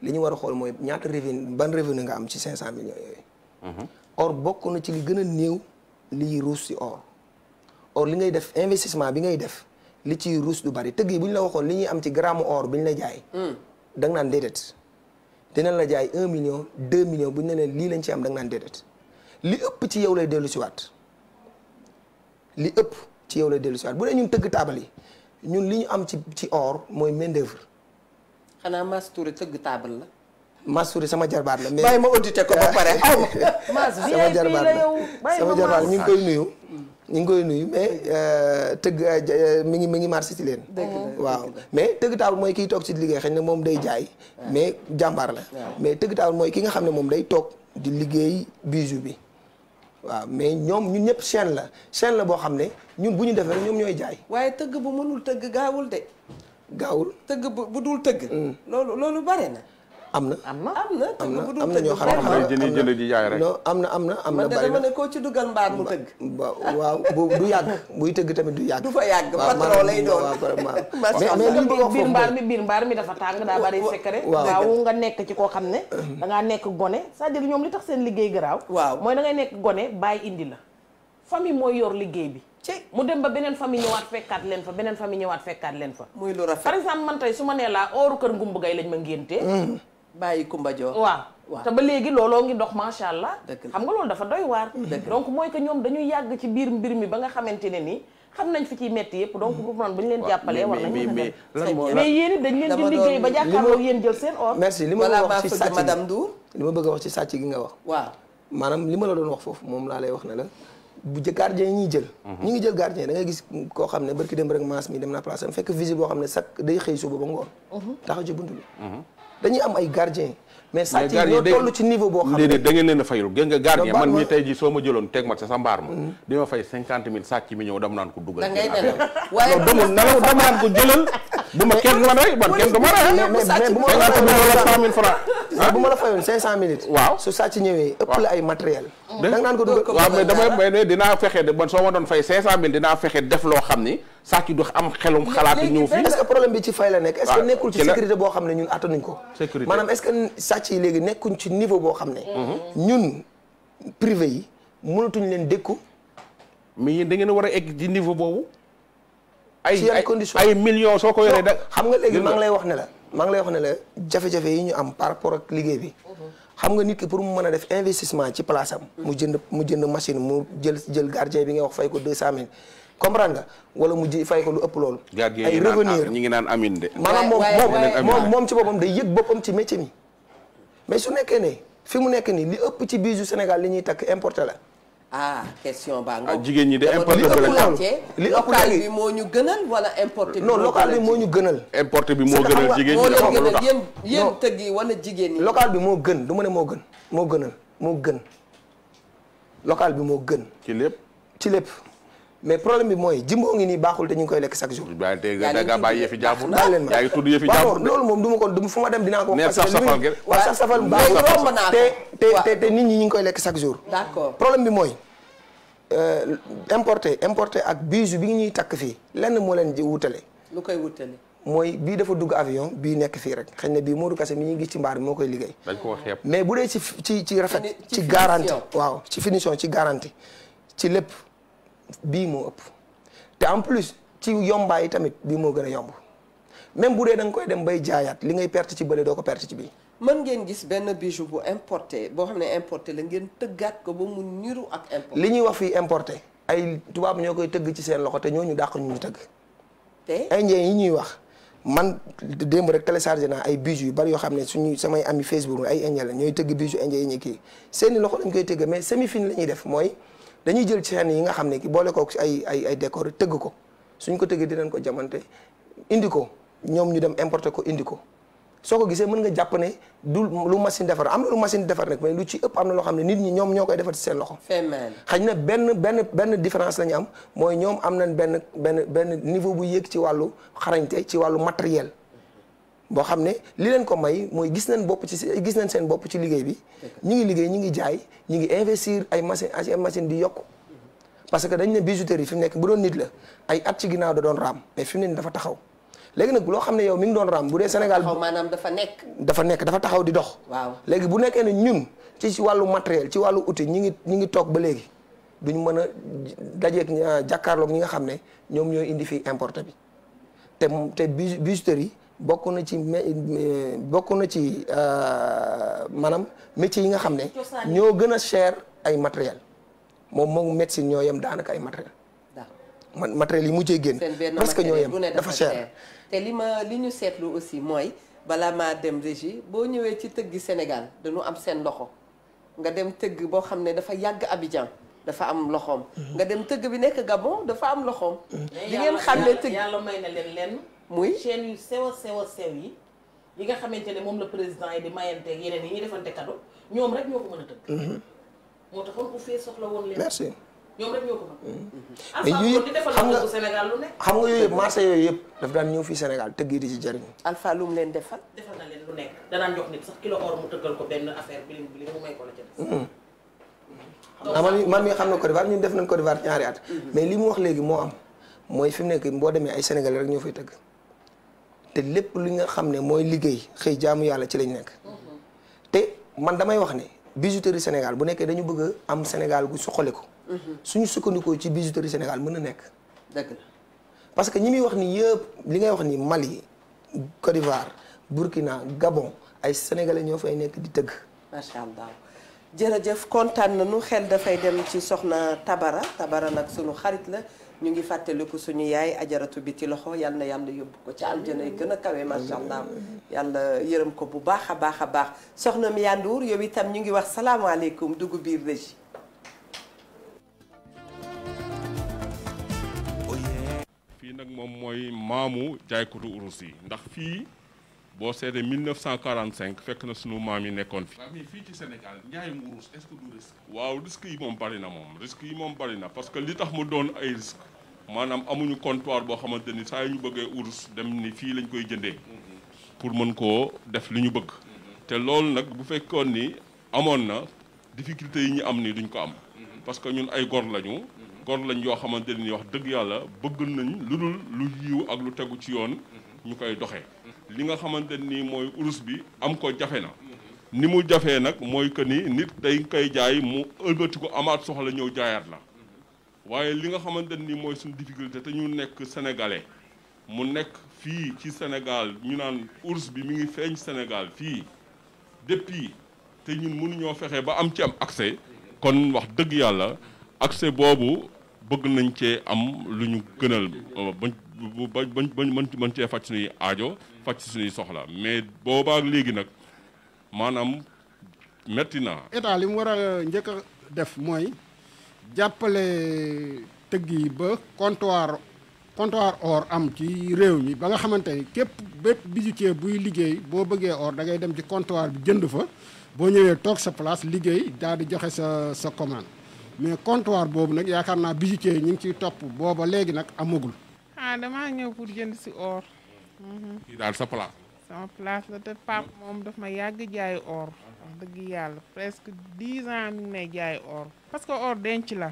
li ñu war a xool mooy ñaata revenu ban revenu nga am ci cinq cent millions yooyu mhm. or bokk na ci li gën a néew liy ruus si or or li ngay def investissement bi ngay def li ciy ruus du bari tëgg yi bu ñu la waxoon li ñuy am ci gramme or bi ñu la jaay. Hmm. da nga naan déedéet. dina la jaay un million deux millions bu ñu ne lii lañ ci am da nga naan déedéet li ëpp ci yow lay dellu si waat li ëpp ci yow lay dellu si waat bu dee ñun tëgg taabal yi ñun li ñu am ci ci or mooy main d'œuvre. xanaa Mass Touré tëgg taabal la. Mass Touré sama jarbaat la mais bàyyi ma audité ko ba pare. (laughs) sama jarbaat la koy nuyu. Hmm. ñu ngi koy nuyu mais euh, tëgg euh, euh, mi ngi mi ngi marché ci leen. waaw mais tëgg taabal mooy kiy toog ci liggéey xëy na moom day jaay. mais jàmbar la. mais tëgg taabal mooy ki nga xam ne moom day toog di liggéey bijou bi. waaw mais ñoom ñun ñëpp chaîne la chaîne la boo xam ne ñun bu ñu defee rek ñoom ñooy jaay. waaye tëgg bu mënul tëgg gaawul de. gaawul tëgg bu dul tëgg. Mm. loolu loolu bare na. am na am na am na am na ñoo xam ne jënd jënd ji na am na am na bari na ne koo ci dugal mbaar mu tëgg waaw bu du yàgg buy tëgg tamit du yàgg fa yàgg patron lay doon (laughs) biir mbaar mi dafa tàng daa bari secret waaw nga nekk ci koo xam ne dangaa nekk gone cest à ñoom li tax seen liggéey garaaw waaw mooy da nekk gone bàyyi indi la famille mooy yor liggéey bi mu dem ba beneen famille ñëwaat fekkaat leen fa beneen famille ñëwaat fekkaat leen fa muy lu rafet par exemple man tey su ma nee laa ooru kër ngumb gay lañ ma ngéntee bàyyi Kumba Joor waaw waaw te ba léegi looloo ngi dox macha allah. xam nga loolu dafa doy waar. donc mooy que ñoom dañuy yàgg ci biir mbir mi ba nga xamante ne ni xam nañ fi ciy metti yëpp donc bu ma bu ñu leen jàppalee. war nañu ko mais mais yéen it dañu leen di liggéey ba jàkkaarloo yéen jël seen or. merci ma la wax ci sàcc ma bëgg a wax ci sàcc gi nga wax. waaw maanaam li ma la doon wax foofu moom laa lay wax na la. bu jë gardien yi ñuy jël hmm. ñi ngi jël gardien da ngay gis koo xam ne barki dem rek maas mi dem na place am fekk visite boo xam ne sax day xëy suba ba ngoon hmm. taxaw ci buntu bi hmm. dañuy am ay gardien mais sàcc yi ñoo toll ci niveau boo xam ne da ngeen leen a fayul man mii tey soo ma jëloon teg ma sa mbaar ma mm. di ma fay cinquante sàcc mi ñëw dam ko dugal da ngay dem waaye damul (laughs) ko jëlal bu ma kenn du ma rey man kenn du ma rey. bu ma la fayoon 500000 francs. ah bu waaw su sàcc ñëwee ëpp la ay matériel. da nga naan ko dugal waaw mais damay may ne dinaa fexe de man soo ma doon fay 500000 dinaa fexe def loo xam ni sàcc du am xelum xalaat ñëw fi est-ce que problème bi ci fay la nekk est-ce que nekkul ci sécurité boo xam ne ñun attanuñ ko sécurité maanaam est-ce sàcc yi léegi nekkuñ ci niveau boo xam ne mhm. ñun privé yi mënatuñ leen dékku mais yéen da ngeen war a egg ci niveau boobu ay ay millions soo ko yoree da xam nga léegi maa lay wax ne la maa ngi lay wax ne la jafe-jafe yi ñu am par rapport ak liggéey bi xam nga nit ki pour mu mën a def investissement ci place am mu jënd machine mu jël jël gardien bi nga wax fay ko deux cent mille nga wala mu ji fay ko lu ëpp loolu ay revenir ah, ñi ngi naan amin de maanaam moom moom moom ci boppam day yëg boppam ci métier mi mais su nekkee ne fi mu nekk nii li ëpp ci bijoux Sénégal li ñuy takk importé la ah question baa nga ah, jigéen ñi de importé bi la li local bi moo ñu gënal wala importé bi non local bi moo ñu gënal importé bi moo gënal jigéen ñi dafa am wala jigéen ñi local bi moo gën du ma moo gën moo gën gënal moo gën local bi moo gën ci lépp ci lépp mais problème bi mooy jimboo ngi nii baaxul te ñu ngi koy lekk chaque jour. daal leen ma ko du fu ma dem dinaa ko wax. baaxul te te nit ñi ñu ngi koy lekk chaque jour. d'accord problème bi mooy importe euh, importe ak bisu bi ñuy takk fii lenn moo leen ji wutale. lu koy wutale. mooy bii dafa dugg avion bii nekk fii rek xañ ne bii Modou Kassé mi ñuy gis ci mbaar bi moo koy liggéey. dañ ko xeeb mais bu dee ci ci rafet. ci garantie waaw ci finition ci garantie ci lépp bii moo ëpp te en plus ci yombaay yi tamit bii moo gën a yomb même bu dee da koy dem bay jaayaat li ngay perte ci bële doo ko perte ci bii mën ngeen gis benn bijou bu importe boo xam ne importé la ngeen tëggaat ko ba mu niru ak importé li ñuy wax fii importé ay tubaab ñoo koy tëgg ci seen loxo te ñooñu dàq ñu ñu tëgg te indien yi ñuy wax man démb rek téléchargé naa ay bijoux yu bari yoo xam ne suñu samay ami Facebook ay indien la ñooy tëgg bijoux indien yi seeni loxo lañ koy tëgg mais semi fine la ñuy def mooy dañuy jël ci chaîne yi nga xam ne ki boole ko ay ay ay décor tëgg ko suñ ko tëggee dinañ ko jamante indi ko ñoom ñu dem importer ko indi ko soo ko gisee mën nga jàpp ne du lu machine defar am na lu machine defar nag mais lu ci ëpp am na loo xam ne nit ñi ñoom ñoo koy defar ci seen loxo. xañ na benn benn benn différence lañu am mooy ñoom am nañ benn benn benn niveau bu yéeg ci wàllu xarañte ci wàllu matériel. boo xam ne li leen ko may mooy gis nañ bopp ci gis nañ seen bopp ci liggéey bi ñu ngi liggéey ñu ngi jaay ñu ngi investir ay machine ay machine di yokk parce que dañ ne bijouterie fi mu nekk bu doon nit la ay at ci ginnaaw da doon raam mais fi mu ne dafa taxaw léegi nag loo xam ne yow mi ngi doon raam bu dee Sénégal xaw dafa nekk dafa nekk dafa taxaw di dox waaw léegi bu nekkee ne ñun ci wàllu matériel ci wàllu outil ñu ngi ñi ngi toog ba léegi ñu mën a dajeeg jàkkaarlook ñi nga xam ne ñoom ñooy indi fii importé bi te te bijouterie bokk na ci bokk na ci euh, maanaam métiers yi nga xam ne. ñoo gën a cher ay matériel moom moom médecine ñoo yem daanaka ay matériel man matériel yi mujjee génn. parce que ñoo yem dafa cher te li ma li ñu seetlu aussi mooy balaa maa dem régie boo ñëwee ci tëgg Sénégal dañu am seen loxo nga dem tëgg boo xam ne dafa yàgg Abidjan. dafa am loxoom. Mhm. nga dem tëgg bi nekk Gabon dafa am loxoom. Mhm. di ngeen xam ne tëgg leen muy chaîne yu sew a sew a sew yi yi nga xamante ne moom la président yi di mayante ak yeneen yi ñuy defante kado ñoom rek ñoo ko mën a tëgg. Mhm. moo taxoon ku fee soxla woon leen. ñoom rek ñoo ko mën. Mhm. mais yii xam nga Sénégal lu xam nga yooyu yëpp yooyu yëpp daf daan ñëw fii Sénégal tëgg di ci jëriñ. Alpha lu leen defal. defal na leen lu ko benn mhm. xam man man mi xam na Côte d'Ivoire ñun def nañ Côte d'Ivoire ñaari at. mais li mu wax léegi moo am mooy fi mu nekk boo demee ay Sénégalais rek ñoo fay tëgg te lépp li nga xam ne mooy liggéey xëy jaamu yàlla ci lañ nekk. te man damay wax ne bijouterie Sénégal bu nekkee dañu bëgg am Sénégal gu soxale ko. suñu sukkandikoo ci bijouterie Sénégal mën na nekk. dëgg parce que ñi muy wax ni yëpp li ngay wax nii Mali Côte d'Ivoire Burkina Gabon ay sénégalais ñoo fay nekk di tëgg. macha allah jërëjëf kontaan nañu xel dafay dem ci soxna Tabara Tabara nag sunu xarit la. ñu ngi fàttaliku suñu yaay ajaratu bi ci loxo yal na yàlla yóbbu ko ci aljana yi gën a kawe macha allah yàlla yërëm ko bu baax a baax a baax soxna mi yanduur yow itam ñu ngi wax salaamaaleykum dugg biir régie fii nag moom mooy maamu jaaykatu urus yi ndax fii boo seetee 1945 fekk na sunu maam yi nekkoon fi. waaw mais fii ci Sénégal njaayum wurus waaw risque yi moom bari na moom risque yi moom bari na parce que li tax mu doon ay risque maanaam amuñu comptoir boo xamante ni saa yu ñu bëggee urus dem ni fii lañ koy jëndee. pour mën koo def li ñu bëgg. te loolu nag bu fekkoon ni amoon na difficulté yi ñu am nii duñ ko am. parce que ñun ay gor lañu. gor lañ yoo xamante ni wax dëgg yàlla bëgg nañ lu dul lu yiw ak lu tegu ci yoon. ñu koy doxee. li nga xamante ni mooy urus bi am ko jafe na ni mu jafee nag mooy que ni nit day koy jaay mu ëlbatiku amaat soxla ñëw jaayaat la waaye li nga xamante ni mooy suñu difficulté te ñu nekk sénégalais mu nekk fii ci Sénégal ñu naan urus bi mi ngi feeñ Sénégal fii depuis te ñun mënuñoo fexe ba am ci am accès kon wax dëgg yàlla accès boobu bëgg nañ cee am lu ñu gënal ba ba ba mën cee faj suñuy aajo faj suñuy soxla mais boobaak léegi nag maanaam metti naa. état li mu war a njëkk def mooy jàppale tëgg yi ba comptoir comptoir or am ci réew mi ba nga xamante ni képp bépp bijoutier buy liggéey boo bëggee or da ngay dem ci comptoir bi jënd fa boo ñëwee toog sa place liggéey daal joxe sa sa commande mais comptoir boobu nag yaakaar naa bijoutier yi ñu ngi ciy topp booba léegi nag amagul. ah damaa ñëw pour jënd si or. kii daal sa place la. sama place la te Pape moom daf ma yàgg jaay or. wax dëgg yàlla presque dix ans mi ngi may jaay or. parce que or denc la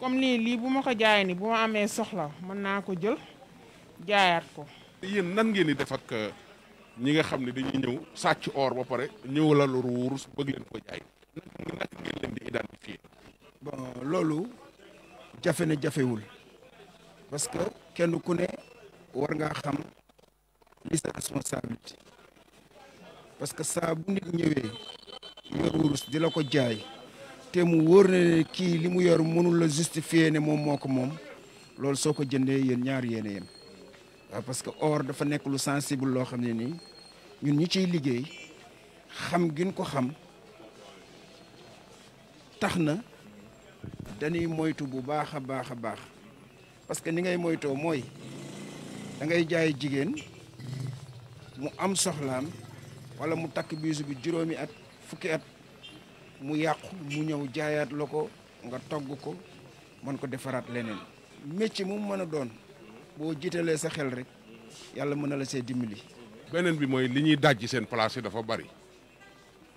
comme nii lii bu ma ko jaay ni bu ma amee soxla mën naa ko jël jaayaat ko. yéen nan ngeen di def ak euh, ñi nga xam ne dañuy ñëw sàcc or ba pare ñëw la lu ko jaay naka loolu jafe ne jafewul parce que kenn ku ne war ngaa xam. li parce que saabu bu nit ñëwee yor wurus di la ko jaay te mu wóor ne kii li mu yor mënul la justifier ne moom moo ko moom loolu soo ko jëndee yéen ñaar yéen a yem parce que or dafa nekk lu sensible loo xam ne nii ñun ñu ciy liggéey xam gin ko xam tax na danuy moytu bu baax a baax a baax parce que ni ngay moytoo mooy dangay jaay jigéen mu am soxlaam wala mu takk biisu bi juróomi at fukki at mu yàqu mu ñëw jaayaat la ko nga togg ko mën ko defaraat leneen métier mu mën a doon boo jiitalee sa xel rek yàlla mën na la see dimbili beneen bi mooy li ñuy dajji seen place yi dafa bari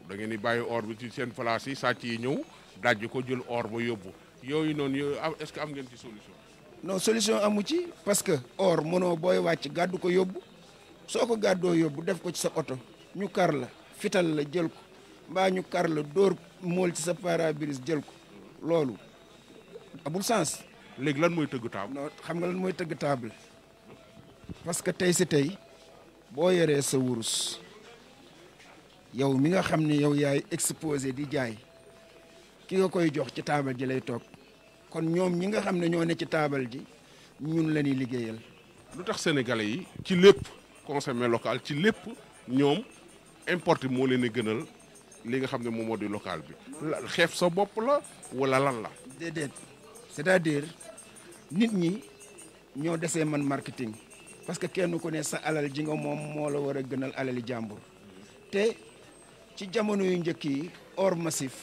da ngeen di bàyyi or bi ci seen place yi sàcc yi ñëw dajji ko jël or ba yóbbu yooyu noonu yooyu ah, est-ce que am ngeen ci solution. non solution amu ci parce que or mënoo booy wàcc gàddu ko yóbbu soo ko gàddoo yóbbu def ko ci sa oto ñu kar la fital la jël ko mbaa ñu kar la dóor mool ci sa pare-brise jël ko loolu abul sens. léegi lan mooy tëgg table. non xam lan mooy tëgg table parce que tey si tey boo yoree sa wurus yow mi nga xam ne yow yaay exposé di jaay ki nga koy jox ci taabal ji lay toog kon ñoom ñi nga xam ne ñoo ne ci taabal ji ñun la ñuy liggéeyal. lu tax sénégalais yi ci lépp. consommer local ci lépp ñoom importe moo leen a gënal li nga xam ne moom moo di local bi xeef sa bopp la wala lan la. déedéet c'est-à-dire nit ñi ñoo desee man marketing parce que kenn ku ne sa alal ji nga moom moo la war a gënal alali jàmbur te ci jamono yu njëkk yi or massif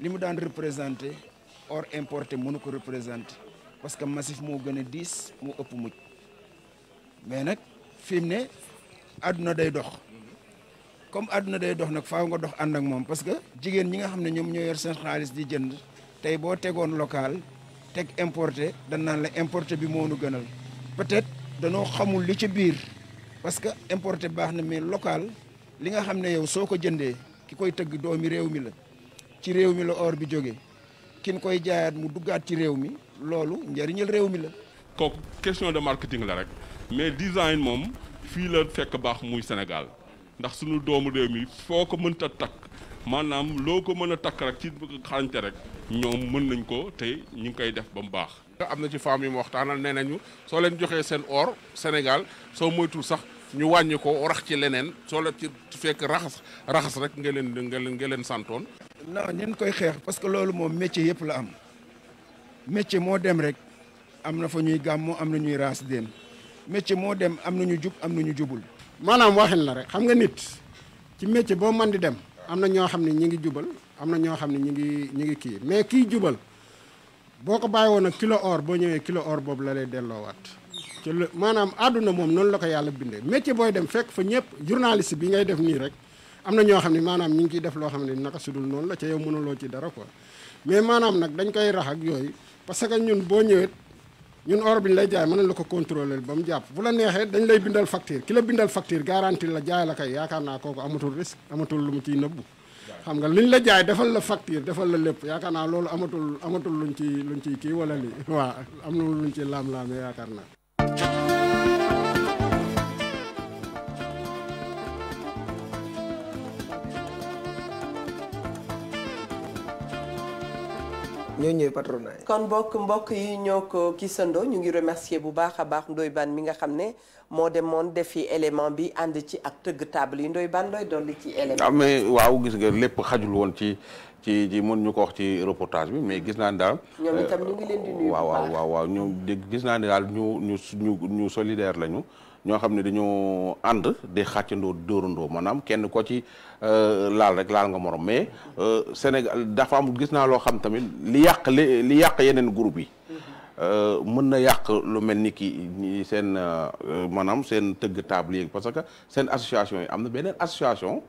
li mu daan représenté or importé mënu ko représenté parce que massif moo gën diis moo ëpp mujj mais nag. fi mu ne àdduna day dox comme àdduna day dox nag faaw nga dox ànd ak moom parce que jigéen ñi nga xam ne ñoom ñoo yor seen xaalis di jënd tey boo tegoon local teg importé dañ naan la importé bi moo nu gënal peut-être danoo xamul li ci biir parce que importé baax na mais local li nga xam ne yow soo ko jëndee ki koy tëgg doomi réew mi la ci réew mi la or bi jóge kin koy jaayaat mu duggaat ci réew mi loolu njëriñal réew mi la. kooku question de marketing la rek. mais design moom fii la fekk baax muy Sénégal ndax suñu doomu réew mi foo ko mënta takk maanaam loo ko mën a takk rek ci xarañte rek ñoom mën nañ ko tey ñu ngi koy def ba mu baax. am na ci femmes yi mu waxtaanal nee nañu soo leen joxee seen or Sénégal soo moytul sax ñu wàññi ko rax ci leneen soo leen ci fekk raxas raxas rek nga leen nga leen leen santoon. non koy xeex parce que loolu moom métier yëpp la am métier moo dem rek am na fa ñuy gàmmoo am na ñuy raas dem. métier moo dem am na ñu jub am na ñu jubul. maanaam waxin la rek xam nga nit ci métier boo man di dem am na ñoo xam ne ñi ngi jubal am na ñoo xam ne ñi ngi ñi ngi kii mais kii jubal boo ko bàyyi woon kilo or boo ñëwee kilo or boobu la lay delloowaat. ci la maanaam àdduna moom noonu la ko yàlla bindee métier booy dem fekk fa ñëpp journaliste bi ngay def nii rek am na ñoo xam ne maanaam ñu ngi ciy def loo xam ni naka sudul noonu la ca yow mënuloo ci dara quoi mais maanaam nag dañ koy rax ak yooyu parce que ñun boo ñëwee ñun or bi ñu lay jaay mën nañ la ko contrôler ba mu jàpp bu la neexee dañ lay bindal facture ki la bindal facture garantie la jaay la kay yaakaar naa kooku amatul risque amatul lu mu ciy nëbbu. xam nga liñ la jaay defal la facture defal la lépp yaakaar naa loolu amatul lu luñ ci luñ ciy kii wala lii (laughs) waaw am na luñ ci laam-laamee yaakaar naa. ñooy patronat yi. kon mbokk mbokk yi ñoo ko gisandoo ñu ngi remercier bu baax a baax Ndoye Bane mi nga xam ne moo dem demoon defi élément bi ànd ci ak tëgg table yi Ndoye Bane looy dolli ci élément. ah mais waaw gis nga lépp xajul woon ci ci ci mën ñu ko wax ci reportage bi mais gis naa ne daal. ñoom euh, itam waaw waaw waaw ñoom gis naa ne daal ñu ñu ñu solidaire lañu. ñoo xam ne dañoo ànd de xàccandoo dóorandoo maanaam kenn ko ci euh, laal rek laal nga morom mais euh, Sénégal dafa am gis naa loo xam tamit li yàq li yàq yeneen groupe yi euh, mën na yàq lu mel ni ki seen maanaam seen tëgg table yi parce que seen association yi am na beneen association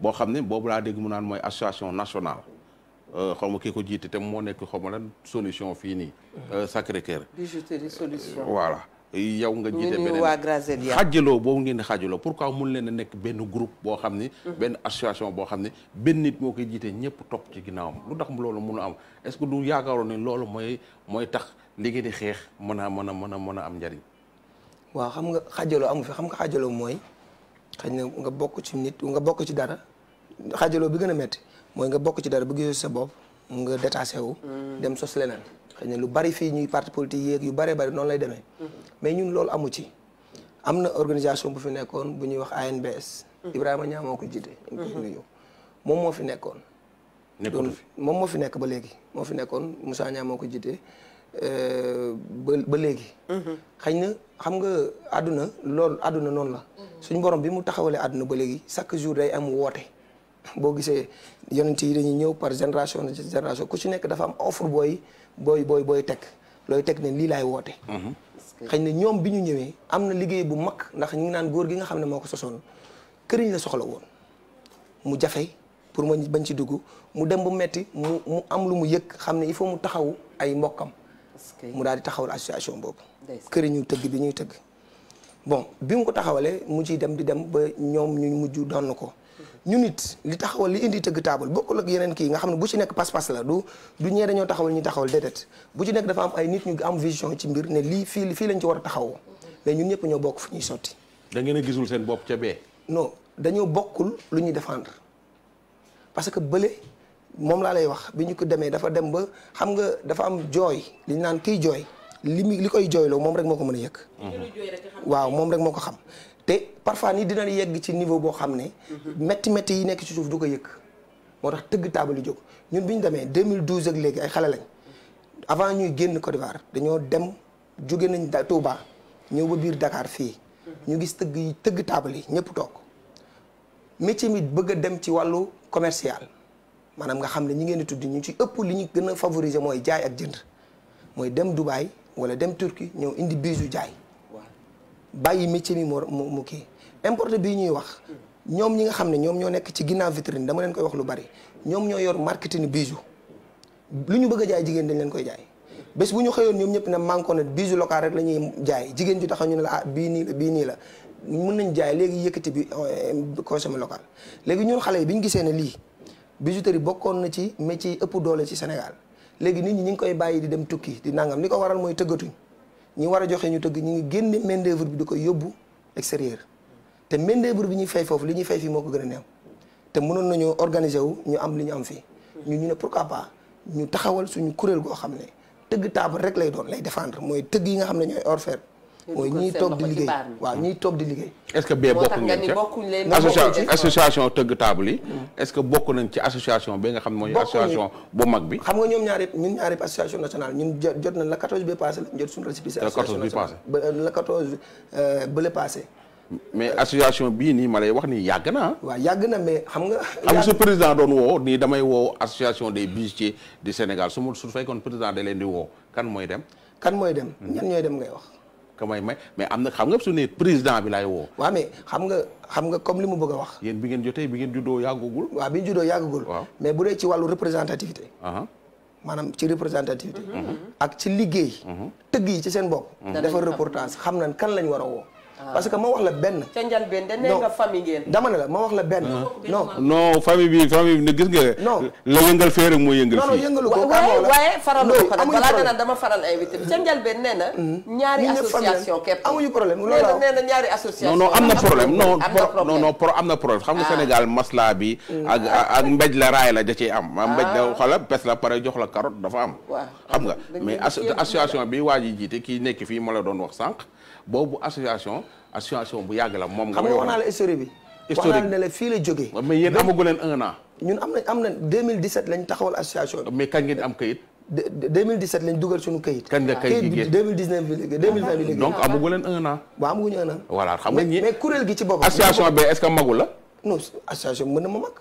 boo xam ne boobu laa dégg mu naan mooy association national xaw ma kii ko jiite te moo nekk xaw ma lan solution fii nii sacré voilà yow nga jiite beneen xaajaloo boobu ngeen xajaloo pour ka mun leen a nekk benn groupe boo xam ni mhm. benn association boo xam ni benn nit moo koy jiite ñëpp topp ci ginnaawam lu tax loolu mun a am est-ce que du yaakaaroon ni loolu mooy mooy tax li di xeex mën a mën a mën a mën a am njariñ waaw xam nga xaajaloo amu fi xam nga xaajaloo mooy xëy na nga bokk ci nit nga bokk ci dara xajaloo bi gën a metti mooy nga bokk ci dara bu gisoo sa bopp nga détaché wu mm. dem sos leneen xëy lu bari fii ñuy parti politique yéeg yu baree bari noonu lay demee mais ñun loolu amu ci am na organisation bu fi nekkoon bu ñuy wax ANBS mm-hmm. Ibrahima Niang moo ko jiite mm-hmm. moom moo fi nekkoon doon moom moo fi nekk ba léegi moo fi nekkoon Moussa Niang moo ko jiite euh, ba ba léegi mm-hmm. xëy na xam nga àdduna loolu àdduna noonu la suñu borom bi mu taxawalee àdduna ba léegi chaque jour day am woote boo gisee yonent yi dañuy ñëw par génération génération ku si nekk dafa am offre booy booy booy booy teg looy teg ne lii laay woote mhm. xañ ne ñoom bi ñu ñëwee am na liggéey bu mag ndax ñu ngi naan góor gi nga xam ne moo ko sosoon këriñ la soxla woon mu jafe pour ma bañ ci dugg mu dem bu metti mu am lu mu yëg xam ne il faut mu taxaw ay mbokkam mu daal di taxawal association boobu këriñu tëgg bi ñuy tëgg bon bi mu ko taxawalee mu ciy dem di dem ba ñoom ñu mujj doon ko ñu nit li taxawal li indi tëgg taabal bokkul ak yeneen kii nga xam ne bu ci nekk pas-pas la du du ñoo dañoo taxawal ñu taxawal déedéet bu ci nekk dafa am ay nit ñu am vision ci mbir ne lii fii fii lañ ci war a taxawoo mais ñun ñëpp ñoo bokk fu ñuy sotti da ngeen a gisul seen bopp ca bee no dañoo bokkul lu ñuy défendre parce que bële moom laa lay wax bi ñu ko demee dafa dem ba xam nga dafa am jooy li naan kiy jooy li mi li koy jooyloo moom rek moo ko mën a yëg waaw moom rek moo ko xam te parfois ni dina yegg ci niveau boo xam ne. métti mhm. métti yi nekk ci suuf du ko yëkk moo tax tëgg taabal yi jóg ñun bi ñu demee 2012 ak léegi ay xale lañ avant ñuy génn Côte d'Ivoire dañoo dem jóge nañ Touba ñëw ba biir dakaar fii. Mhm. ñu gis tëgg yi tëgg taabal yi ñëpp toog métier mi bëgg dem ci wàllu commercial maanaam nga xam ne ñi ngeen di tudd ñu ci ëpp li ñu gën a favoriser mooy jaay ak jënd mooy dem Dubaï wala dem turki ñëw indi biisu jaay. bàyyi métier mi moo mu mu kii importe bi ñuy wax ñoom ñi nga xam ne ñoom ñoo nekk ci ginnaaw vitrine dama leen koy wax lu bari ñoom ñoo yor marketing bijou lu ñu bëgg jaay jigéen dañ leen koy jaay bés bu ñu xëyoon ñoom ñëpp ne manko na bijou local rek la ñuy jaay jigéen ju taxaw ñu ne la ah bii nii la bii nii la mën nañ jaay léegi yëkkati bi euh, consommé local léegi ñun xale yi bi ñu gisee ne lii bijouterie bokkoon na ci métier ëpp doole ci Sénégal léegi nit ñi ñu ngi koy bàyyi di dem tukki di nangam ni ko waral mooy tëggatuñ ñi war a joxe ñu tëgg ñu ngi génne main d'œuvre bi du ko yóbbu extérieur te main d'œuvre bi ñuy fay foofu li ñuy fay fii moo ko gën a néew te mënoon nañu organiser wu ñu am li ñu am fii ñu ñu ne pourquoi pas ñu taxawal suñu kuréel goo xam ne tëgg taabal rek lay doon lay défendre mooy tëgg yi nga xam ne ñooy hors-fer mooy ñiy toog di liggéey waaw di liggéey est-ce que bee bokk ngeen ci association association tëgg table yi est-ce que bokk nañ ci association bi nga xam ne mooy association bu mag bi xam nga ñoom ñaar yëpp ñun ñaar yëpp association nationale ñun jot nañ la 14 bi passé lañ jot suñu récépissé association nationale la 14 euh, bële passé mais association bii nii ma lay wax nii yàgg na ah. waaw yàgg na mais xam nga. xam nga su président doon woo nii damay woo association des bijoutiers ci Sénégal su ma su fekkoon président da leen di woo kan mooy dem. kan mooy dem dem ngay wax. que may may mais am na xam nga su ne président bi laay woo. waaw mais xam nga xam nga comme li mu bëgg a wax. yéen bi ngeen jotee bi ngeen juddoo yàggugul. waaw bi ñu juddoo yàggugul. waaw mais bu dee ci wàllu représentativité. Uh-huh. manam ci représentativité. Mm-hmm. ak ci liggéey. Mm-hmm. tëgg yi ci seen bopp. Mm-hmm. defar reportage xam nañ kan lañ war a woo. Ah. parce que ma wax la benn. ca njëlbéen de nee nga famille ngeen. dama ne la ma wax la benn. Ah. non non famille bi famille gis nga. la yëngal fee moo yëngal. fii non non waaye waaye ko nag balaa nga naan dama na. Mm. ñaari association képp amuñu problème loolu la nee na ñaari association. non non na problème non na problème xam nga ah. Sénégal masla bi. Mm. ak ak la raay la da ciy am. waaw mbéj la xoola pes la pare jox la carotte dafa am. xam nga mais association bi waa jiite kii nekk fii ma la doon wax sànq boobu association association bu yàgg la moom nga may wax naa la historique bi historique wax leen un am na 2017 lañ taxawal association bi lañ dugal suñu kayit kañ nga kayit gi 2019 bi léegi 2020 bi léegi donc amagu leen un an waaw amaguñu un an voilà xam gi ci boppam association bi est-ce que magu la non association mag.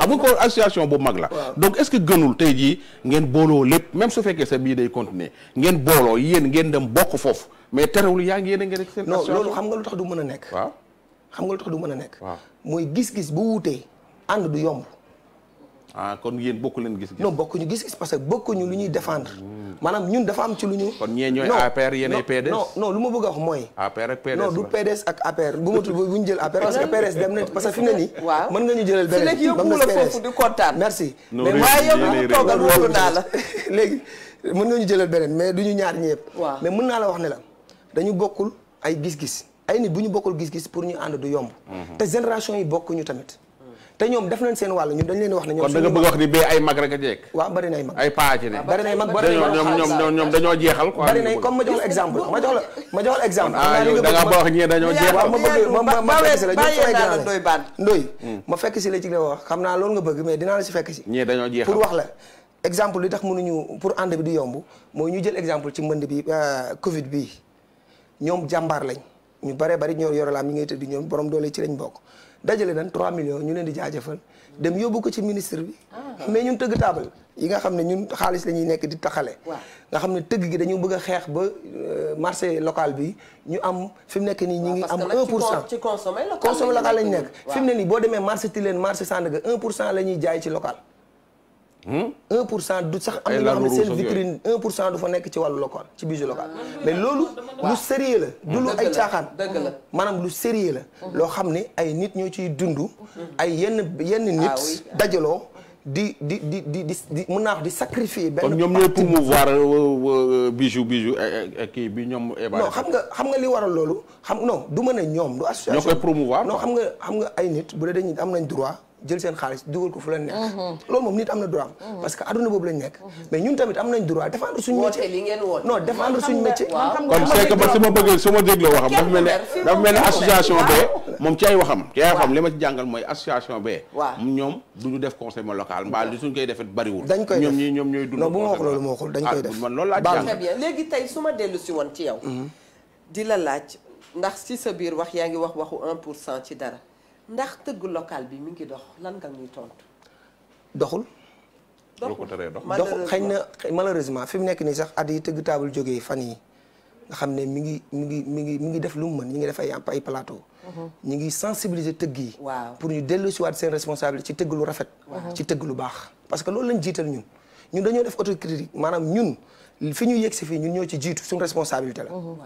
Ah, ko association bu mag la. donc est-ce que gënul tey jii ngeen booloo lépp même su fekkee sa bii day continuer ngeen booloo yéen ngeen dem bokk foofu. mais terewul yaa ngi yéene ngeen rek seen loolu xam nga lu tax du mën a nekk waaw nga lu tax du mën waaw mooy gis-gis bu wuutee ànd du yomb ah kon yéen bokku leen gis-gis non bokkuñu gis parce que bokkuñu lu ñuy défendre hmm. maanaam ñun dafa am ci lu ñu kon ñee ñooy APR yéen lu ma bëgg wax mooy APR ak PDS non du PDS ak jël APR parce que PDS dem na parce que fi mu ne nii (laughs) waaw mën nga ñu jëlal benn léegi yóbbu la foofu (laughs) di mën nga ñu jëlal beneen mais du ñu ñaar ñëpp mais mën naa la wax ne la dañu bokkul ay gis-gis ay nit bu ñu bokkul gis-gis pour ñu ànd du yomb. Mhm. te génération yi bokkuñu tamit. te ñoom def nañ seen wàll ñun dañ leen wax ne. ñoom kon da nga bëgg wax ay mag rek a jeeg. waaw bari na ah, bari na ay mag bari ñoom ñoom dañoo jeexal. quoi bari na comme ma jox la exemple ma jox la ma jox la exemple. ah yow da ngaa ba wax ma bëgg si la ci la wax xam naa loolu nga bëgg mais dinaa la si fekk si. ñii dañoo jeexal pour wax la exemple li tax ñu pour ànd bi du yomb mooy ñu jël exemple ci mbënd bi euh, Covid bii ñoom jàmbaar lañ ñu bare bari ñoo yore laam ñi ngay tëdd ñoom borom doole ci lañ bokk dajale nañ 3 millions ñu leen di jaajëfal dem yóbbu ko ci ministre bi. Ah. mais ñun tëgg taabal yi nga xam ne ñun xaalis la ñuy nekk di taxale. nga xam ne tëgg gi dañu bëgg a xeex ba euh, marché local bi ñu am fi mu nekk nii ñu ngi am. 1 pour cent ci consommé local lañ nekk. fi ne nii boo demee marché Tilène marché Sandaga 1 pour cent la ñuy jaay ci local. Hmm? un pour cent du sax am na seen vitrine un pour cent du fa nekk ci wàllu local ci budget local ah. mais loolu lu sérieux la du lu ay caaxaan maanaam lu sérieux la loo xam ni ay nit ñoo ciy dundu ay yenn yenn ah nit dajaloo di di di di di mën naa di sacrifier benn ñoom ñooy promouvoir euh, euh, euh, bijou bijou e, e, e, kii bi ñoom non xam nga xam nga li waral loolu xam non du mën a ñoom du association ñoo koy promouvoir non xam nga xam nga ay nit bu dee am nañ droit jël seen xaalis dugal ko fu leen neex mhm. loolu moom nit am na droit mhm. parce que adduna boobu lañ nekk mhm. mais ñun tamit am nañ droit défendre suñu métier li ngeen woote non défendre suñu métier kon c'est que man su ma bëggee su dafa mel ne dafa moom ci ay waxam ci ay waxam li ma ci jàngal mooy association bee waaw ñoom duñu def conseil local mbaa li suñ koy defet bariwul dañ koy def ñoom ñooy dund non bu ma wax loolu ma waxul dañ koy ah, def man loolu laa jàng léegi tey su ma dellu si woon ci yow di la laaj ndax si sa biir wax yaa ngi wax waxu pour cent ci dara ndax tëgg local bi mi ngi dox lan nga ñuy tontu. doxul. doxul xëy na malheureusement fi mu nekk nii sax at yi tëgg taabal jógee fan yi nga xam ne mi ngi mi ngi mu ngi mi ngi def lu mu mën ñi ngi def ay ay plateau. Mhm. ñi ngi sensibiliser tëgg yi. waaw pour ñu dellu si waat seen responsabilité ci tëgg lu rafet. ci tëgg lu baax. parce que loolu lañ jiital ñun ñun dañoo def autocritique maanaam ñun fi ñu yëg si fii ñu ñoo ci jiitu suñu responsabilité la. Mhm.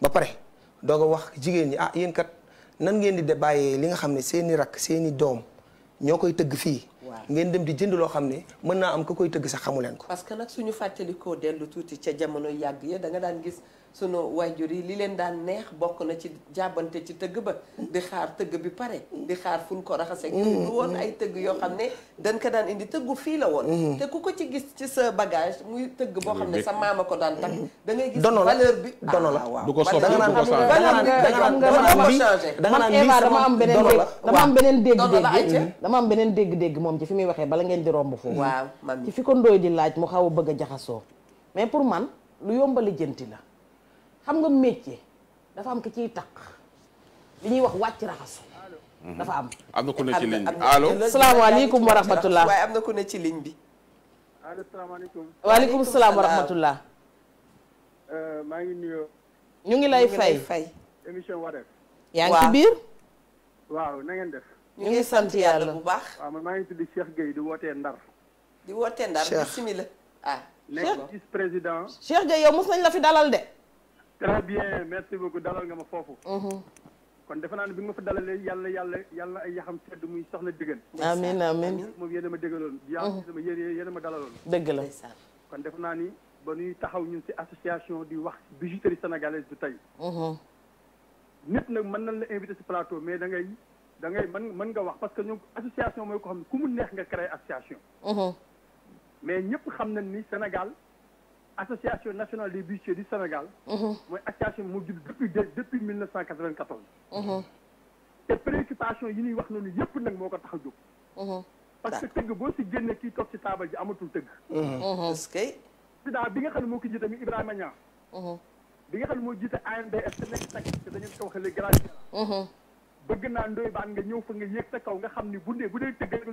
ba pare doog a wax jigéen ñi ah yéen kat. nan ngeen di de bàyyee li nga xam ne seeni i rakk seen doom ñoo koy tëgg fii. ngeen dem di jënd loo xam ne mën naa am ku koy tëgg sax xamu leen ko. parce que nag suñu fàttalikoo dellu tuuti ca jamono yàgg ya danga daan gis. sunu waajur yi li leen daan neex bokk na ci jàbbante ci tëgg ba di xaar tëgg bi pare di xaar fuñ ko raxasee du mm, woon mm. ay tëgg yoo xam ne dañ ko daan indi tëggu fii la woon mm. te ku ko ci gis ci sa bagage muy tëgg boo xam ne sa maama ko daan takk da ngay gis valeur bi dono la ah, du ko soppi du ko changé danga naan lii dama am beneen dégg dama am beneen dégg-dégg dama am beneen dégg-dégg moom ci fi muy waxee bala ngeen di romb foofu waaw ci fi ko ndooy di laaj mu xaw a bëgg a jaxasoo mais pour man lu yomba lijjanti la xam nga métier dafa am ki ciy takk li ñuy wax wàcc raxasu dafa am. am na ku ne ci ligne bi allo salaamaaleykum wa waaye am na ku ne ci ligne bi. salaamaaleykum. waaleykum salaam wa rahmatullah. Euh, maa ngi nuyoo. ngi lay fay fay. émission Wareef. yaa ngi ci biir. waaw na def. ñu ngi sant yàlla bu baax. maa ngi tudd Cheikh Gueye di wootee Ndar. di wootee Ndar bisimilah. ah Cheikh nekk président. Cheikh Gueye yow mos nañ la fi dalal de. très bien merci beaucoup dalal nga ma foofu. Mhm. kon defe naa ne bi nga ma fa dalalee yàlla yàlla yàlla ay yaxam sedd muy soxna Degene. amiin amiin moom ma dégaloon. Mhm. yéen a ma dalaloon. dëgg la kon defe naa ni ba ñuy taxaw ñun ci association di wax bijouterie sénégalaise du tey. Mhm. nit nag mën nañ la invité ci plateau mais da ngay da ngay mën mën nga wax parce que ñun association mooy ko xam ne ku mu neex nga créer association. mais ñëpp xam na ni Sénégal. association nationale des bijoutiers du Sénégal. Mhm. mooy association moo jub depuis depuis mille neuf cent quatre-vingt-quatorze. Mhm. te préoccupation yi ñuy wax noonu yëpp nag moo ko tax a jóg. Mhm. parce que tëgg boo si génne kii toog si taabal ji amatul tëgg. est-ce que. président bi nga xam ne moo ko jiite mi Ibrahima Niang. bi nga xam ne moo jiite ANDS te nekk takk te naa ndoy baan nga ñëw fa nga sa kaw nga xam ni bu dee bu dee tëgg rek lu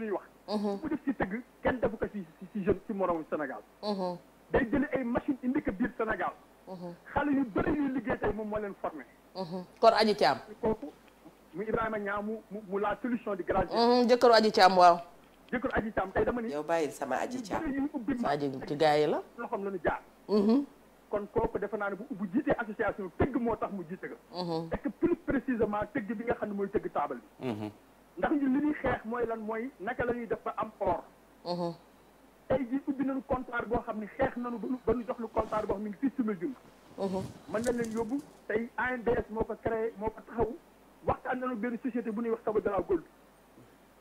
def ko si si si jeune Sénégal. day jëli ay machine indi ko biir Sénégal. Mhm. xale yu bëri yuy liggéey tey moom moo leen formé. kon aji caam. mu Ibrahima Niang mu mu la solution di grâce. Mhm, jëkkëru aji caam waaw. jëkkëru aji caam tey dama ni. yow bàyyil sama aji caam sa aji ci gars la. loxoom la ñu jaar. Mhm. kon kooku defe naa ne bu bu jiitee association tëgg moo tax mu jiite ko. est-ce tëgg bi nga xam ne mooy tëgg taabal bi. ndax ñu li ñuy xeex mooy lan mooy naka la ñuy def ba am or. tey jii ubbi nañu comptoir boo xam ni xeex nañu ba ñu jox lu comptoir boo xam ne ngi fii suma jum mën nañ leen yóbbu tey ANDS moo ko créé moo ko taxaw waxtaan nañu benn société bu ñuy wax Sabodala Gold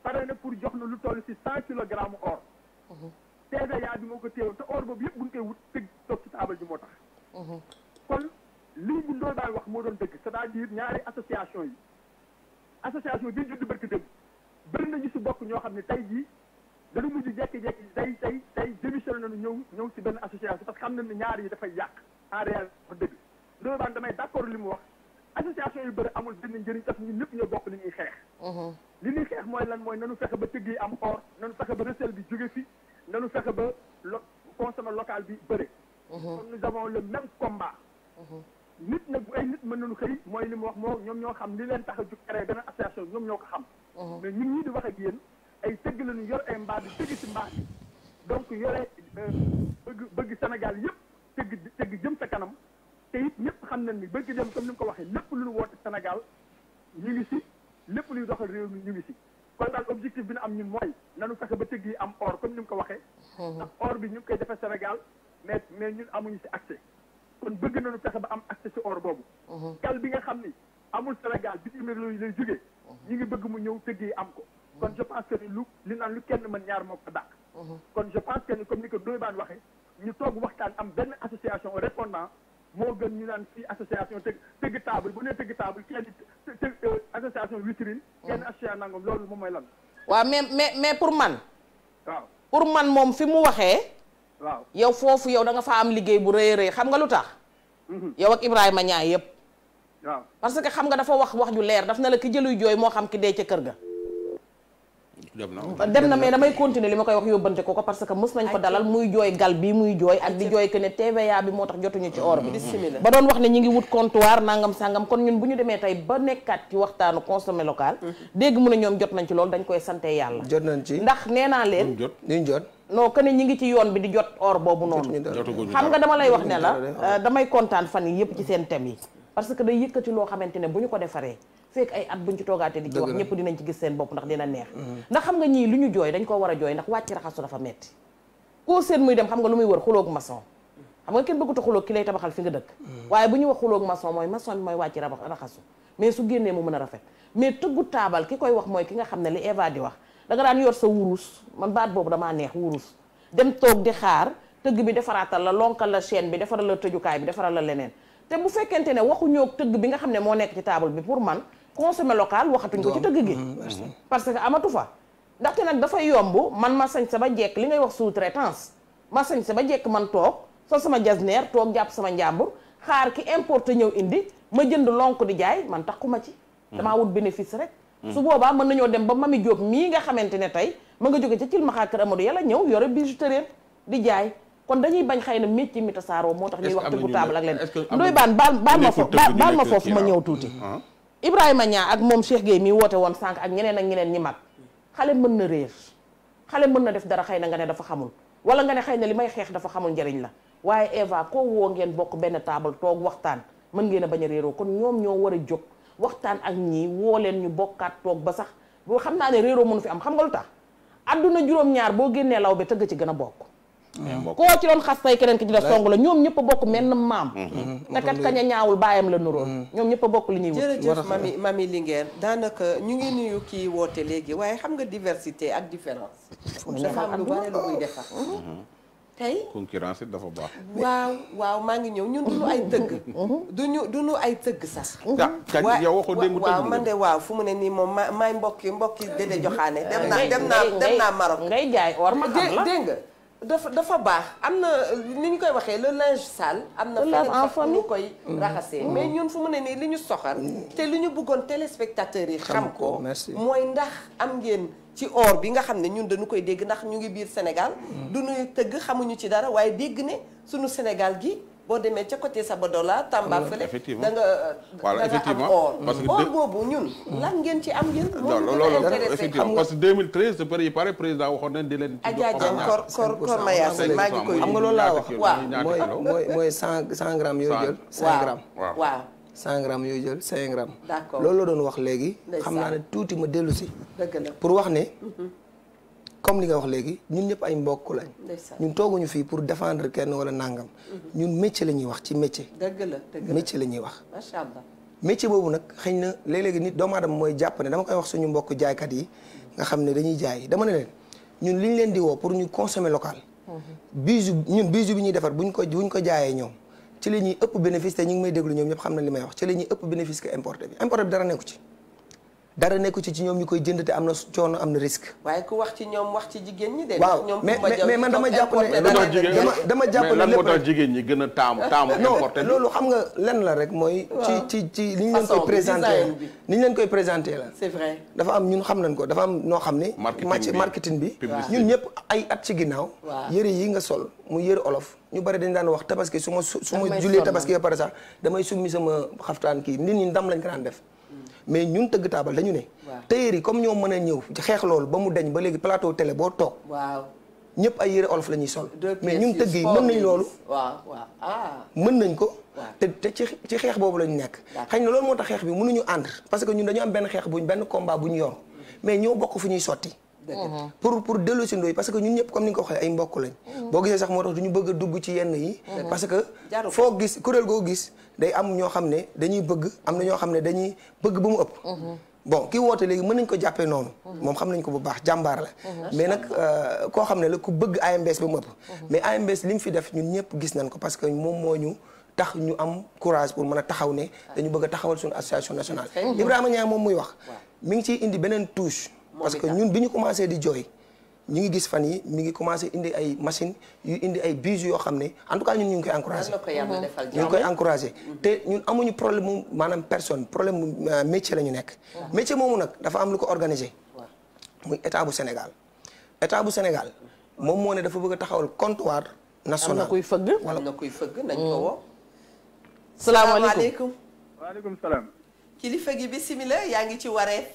pare na pour jox na lu toll si cent kilogramme or TVA bi moo ko téewoon te or boobu yëpp bu ñu koy wut tëgg toog ci taabal ji moo tax kon lii bu ndoo daan wax moo doon dëgg c'est-à-dire ñaari association yi association bi judd barki dëgg bëri si bokk ñoo xam ne tey dana mujj jékki-jékki day day day démissionné nañu ñëw ñëw si benn association parce que xam nañ ne ñaar yi dafay yàq en réalité wax dëgg loolu baan damay d'accord li mu wax association yu bëri amul benn njëriñ parce que ñun ñëpp ñoo bokk li ñuy xeex mhm. li ñuy xeex mooy lan mooy nanu fexe ba tëgg yi am or nanu fexe ba recel bi jóge fi nanu fexe ba lo consommer local bi bëre mhm. kon nous avons le même combat mhm. nit nag bu ay nit mën nañu xëy mooy li mu wax moo ñoom ñoo xam li leen tax a jug ñoom ñoo ko xam mais ñun ñii di wax ak yéen ay tëgg lañu yor ay mbaa di sëgg ci mbaa yi donc yore euh, bëgg bëgg Sénégal yëpp sëgg sëgg jëm sa kanam te it ñëpp xam nañ ni bëgg dem comme ni mu ko waxee lépp lu ñu woote Sénégal ñu ngi si lépp luy doxal réew mi ñu ngi si kon daal objectif bi na am ñun mooy nanu fexe ba tëgg yi am or comme ni mu ko waxee ndax or bi ñu ngi koy defee Sénégal mais mais ñun amuñu si accès kon bëgg na nañu fexe ba am accès si or boobu kal bi nga xam ni amul Sénégal bi lay jógee ñu ngi bëgg mu ñëw tëgg yi am ko kon je pense que ni lu li naan lu kenn mën ñaar moo ko dàq mhm. kon je pense que ni comme ni ko Ndoye Bane waxee ñu toog waxtaan am benn association répondant moo gën ñu naan fii association tëgg tëgg bu ne tëgg table kenn euh, association vitrine mhm. kenn association nangam loolu moom mooy lan waaw mais mais mais pour man waaw pour man moom fi mu waxee waaw yow foofu yow da nga faa am liggéey bu rëy rëy xam nga lu tax mhm. yow ak Ibrahima ñaay yëpp waaw parce que xam nga dafa wax wax ju leer daf na la ki jëluy moo xam ki dee ca kër ga dem na dem na mais damay continuer li ma koy wax yóbbante ko ko parce que mës nañ ko dalal muy jooy gal bi muy jooy ak di jooy que ne TVA bi moo tax jotuñu ci or bi ba doon wax ne ñi ngi wut comptoir nangam sangam kon ñun bu ñu demee tey ba nekkaat ci waxtaanu consommé local mm-hmm. dégg mu ne ñoom jot nañ ci lool dañ koy sante yàlla jot nañ ci ndax nee naa leen jot ñu jot ne ñi ngi ci yoon bi di jot or boobu noonu xam nga dama lay wax ne la euh, damay kontaan fan yi yëpp ci seen thème yi parce que day yëkkati loo xamante ne bu ñu ko defaree fekk ay at buñ ci toogaatee di ci wax ñëpp dinañ ci gis seen bopp ndax dina neex mhm. ndax xam nga ñii lu ñu jooy dañ ko war a jooy ndax wàcc raxasu dafa metti koo seen muy dem xam nga lu muy wër xuloog maçon xam nga kenn bëgguta xuloog ki lay tabaxal fi nga dëkk mhm. waaye bu ñu wax xuloog maçon mooy maçon bi mooy wàcc raxasu mais su génnee mu mën a rafet mais tëggu taabal ki koy wax mooy ki nga xam ne li Eva di wax da daan yor sa wurus man baat boobu damaa neex wurus dem toog di xaar tëgg bi defaraatal la lonkal la chaîne bi defaral la tëjukaay bi defaral la leneen te bu fekkente ne waxuñoo tëgg bi nga xam ne moo nekk ci table bi pour man consommer local waxatuñ ko ci tëgg gi mm, parce que amatu fa ndaxte nag dafay yomb man ma sañ sama jekk li ngay wax sous-traitance ma sañ sama jekk man toog sol sama jasneer toog jàpp sama njàmbur xaar ki importe ñëw indi ma jënd lonk di jaay man taxuma ci mm. damaa wut bénéfice rek mm. su boobaa mën nañoo dem ba Mami Diop mii nga xamante ne tey ma nga jóge ca Thilmakha Kër Amadou yàlla ñëw yore bijouterie di jaay kon dañuy bañ xëy na métier mi tasaaroo moo tax ñuy wax tëggu taabal ak leen ndoy baan baal baal ma foofu baal ma foofu ma ñëw tuuti Ibrahima Niang ak moom Cheikh Gueye mi woote woon sànq ak ñeneen ak ñeneen ñi mag xale mën na réer xale mën na def dara xëy na nga ne dafa xamul wala nga ne xëy na li may xeex dafa xamul njariñ la waaye Eva koo woo ngeen bokk benn taabal toog waxtaan mën ngeen a bañ a réeroo kon ñoom ñoo war a jóg waxtaan ak ñii woo leen ñu bokkaat toog ba sax boo xam naa ne réeroo mënu fi am xam nga lu tax adduna ñaar boo génnee law bi tëgg ci gën a bokk koo ci doon xas tay keneen ki ci da song la ñoom ñëpp a bokk menn maam mm-hmm. Mm-hmm. Mm-hmm. te kat kañ a ñaawul baayam la nuróo ñoom ñëpp a bokk li ñuy wut jërëjëf mami mami Linguère daanaka ñu ngi nuyu kii woote léegi waaye xam nga diversité ak différence dafa am lu bare lu muy defar tey concurrence dafa baax waaw maa ngi ñëw ñun duñu ay tëgg duñu duñu ay tëgg sax wa yow waxoo man de waaw fu mu ne nii moom ma maay mbokki mbokki dédé joxaane dem naa dem naa ngay jaay or ma xam la dafa dafa baax am na ni ñu koy waxee le linge sale am na fenn ñu koy mm. raxasee mm. mais ñun fu mu ne nii li ñu soxal mm. te li ñu bëggoon téléspectateurs yi xam ko mooy ndax am ngeen ci or bi nga xam ne ñun dañu koy dégg ndax ñu ngi biir Sénégal du ñuy tëgg xamuñu ci dara waaye dégg ne suñu Sénégal gi boo demee ca côté Sabadola Tamba fële. effectivement da nga da nga am or. parce que or boobu ñun. lan ngeen ci am yéen. moom la intéressé effectivement parce que 2013 su paree pare président waxoon nañ di leen. xam nga loolu laa wax waaw mooy mooy mooy cent cent grammes yoo jël. cent grammes yooyu jël 5 grammes. d'accord loolu la doon wax léegi. xam naa ne tuuti ma dellusi si. pour wax ne. Mm-hmm. comme li nga wax léegi ñun ñëpp ay mbokk lañ. ñun tooguñu fii pour defendre kenn wala nangam. Mhm. ñun métier la ñuy wax ci métier. dëgg la dëgg la la ñuy wax. macha allah métier boobu nag xëy na léeg-léeg nit doomu aadama mooy jàpp ne dama koy wax suñu mbokk jaaykat yi nga xam ne dañuy jaay dama ne leen ñun li ñu leen di woo pour ñu consommer local. Mhm. bisu ñun bisu bi ñuy defar buñ ko buñ ko jaayee ñoom. ci la ëpp bénéfice te ñu ngi may déglu ñoom ñëpp xam na li may wax ci la ëpp bénéfice que importé bi ci. dara nekku ci ci ñoom ñu koy jënd te am na coono am na risque. waaye ku wax ci ñoom wax ci jigéen ñi de. waaw mais mais man dama jàpp ne dama dama jàpp ne lan moo tax jigéen ñi gën a taamu ah, taamu. importé loolu xam nga lenn la rek mooy. ci ci li ñu leen koy présenté ni ñu leen koy présenté la. c'est vrai dafa am ñun xam nañ ko dafa am noo xam ne. marketing bi marketing bi. ñun ñëpp ay at ci ginnaaw. yëre yi nga sol mu yëre olof. ñu bari dañ daan wax tabaski su ma su ma jullee tabaski ba pare sax damay summi sama xaftaan kii nit ñi ndam lañ ko daan def mais ñun tëgg taabal dañu ne. tailleur yi comme ñoo mën a ñëw xeex loolu ba mu deñ ba léegi plateau télé boo toog. waaw ñëpp ay yére olof la ñuy sol. mais ñun tëgg yi mën nañ loolu. waaw waaw ah. mën nañ ko. te te ci ci xeex boobu la nekk. xañ na loolu moo tax xeex bi mënuñu ànd parce que ñun dañu am benn xeex buñ benn combat bu ñu yor mm-hmm. mais ñoo bokk fu ñuy sotti Uh-huh. pour pour dellu si ndoy parce que ñun ñëpp comme ni nga ko waxee ay mbokk lañ uh-huh. boo gisee sax moo tax du ñu bëgg a dugg ci yenn yi uh-huh. parce que foo gis kuréel goo gis day am ñoo xam ne dañuy bëgg am na ñoo xam ne dañuy bëgg ba mu ëpp bon ki woote léegi mën nañ ko jàppee noonu moom xam nañ ko bu baax jàmbaar la mais nag euh, koo xam ne la ku bëgg AMBS ba mu ëpp mais li mu fi def ñun ñëpp gis nañ ko parce que moom moo ñu tax ñu am courage pour mën a taxaw ne dañu bëgg a taxawal suñu association nationale Ibrahima Niang moom muy wax mi ngi ciy indi beneen touche parce que ñun bi ñu commencé di jooy ñu ngi gis fan yi mi ngi commencé indi ay machine yu indi ay bus yoo xam ne en tout cas ñun ñu ngi koy encouragé mhm. ñu ngi koy encouragé mhm. te ñun amuñu problème mu maanaam personne problème mu euh, métier la ñu nekk métier moomu nag dafa am lu ko organisé muy état bu Sénégal état bu Sénégal moom moo ne dafa bëgg a taxawal comptoir national am na kuy fëgg wala am na kuy fëgg nañ ko mm. woo salaamaaleykum waaleykum salaam kilifa gi bisimilah yaa ngi ci waree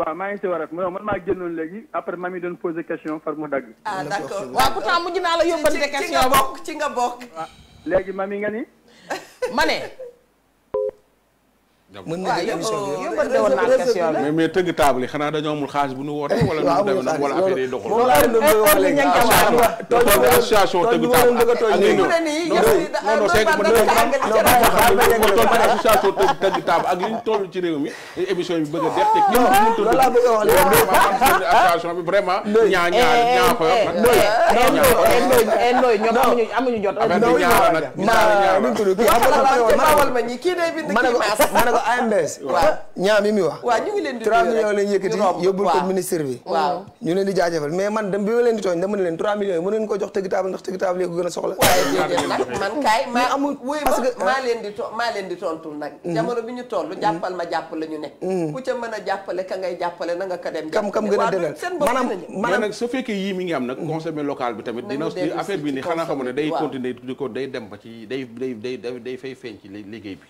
waaw maa ngi si warat mu man maa génnoon léegi aprè maa ngi doon posé question far mu dagg. ah, ah d' accord waaw pourtant mujj naa la yóbbante question. ci nga bokk ci nga bokk. Ah, léegi mami nga ni. ma mën na jël émission bi yóbbante woon naa question bi mais mais tëgg table yi xanaa dañoo amul xaalis bu ñu woote wala ñu demee noonu wala affaire yi doxul association tëgg table ak li ñu toll ci réew mi émission bi bëgg a def te kenn mënu tudd association bi vraiment ñaa ñaa ñaa fa ndoy ñoom amuñu amuñu jot nag ñaa ñaa nag ñaa ñaa nag ba AMBS. waaw ñaam yi muy wax. waaw ñu ngi leen di nuyu 3 millions lañ yëkkati yóbbul ko ministère bi. waaw ñu leen di jaajëfal mais man dama bi ma leen di tooñ dama ne leen 3 millions yi mën ngeen ko jox tëgg taabal ndax tëgg taabal yi ko gën a soxla. waaye déedéet nag man kaay maa amul wóy parce que maa leen di to maa leen di tontul nag. Mm-hmm. jamono bi ñu toll mm-hmm. jàppal ma jàpp la ñu ne. Mm-hmm. ku ca mën a jàppale ka ngay jàppale na nga ka dem. kam kam gën a dëgër maanaam maanaam nag su fekkee yii mi ngi am nag consommer local bi tamit dina affaire bi ni xanaa xamu ne day continuer di ko day dem ba ci day day day day fay feeñ ci liggéey bi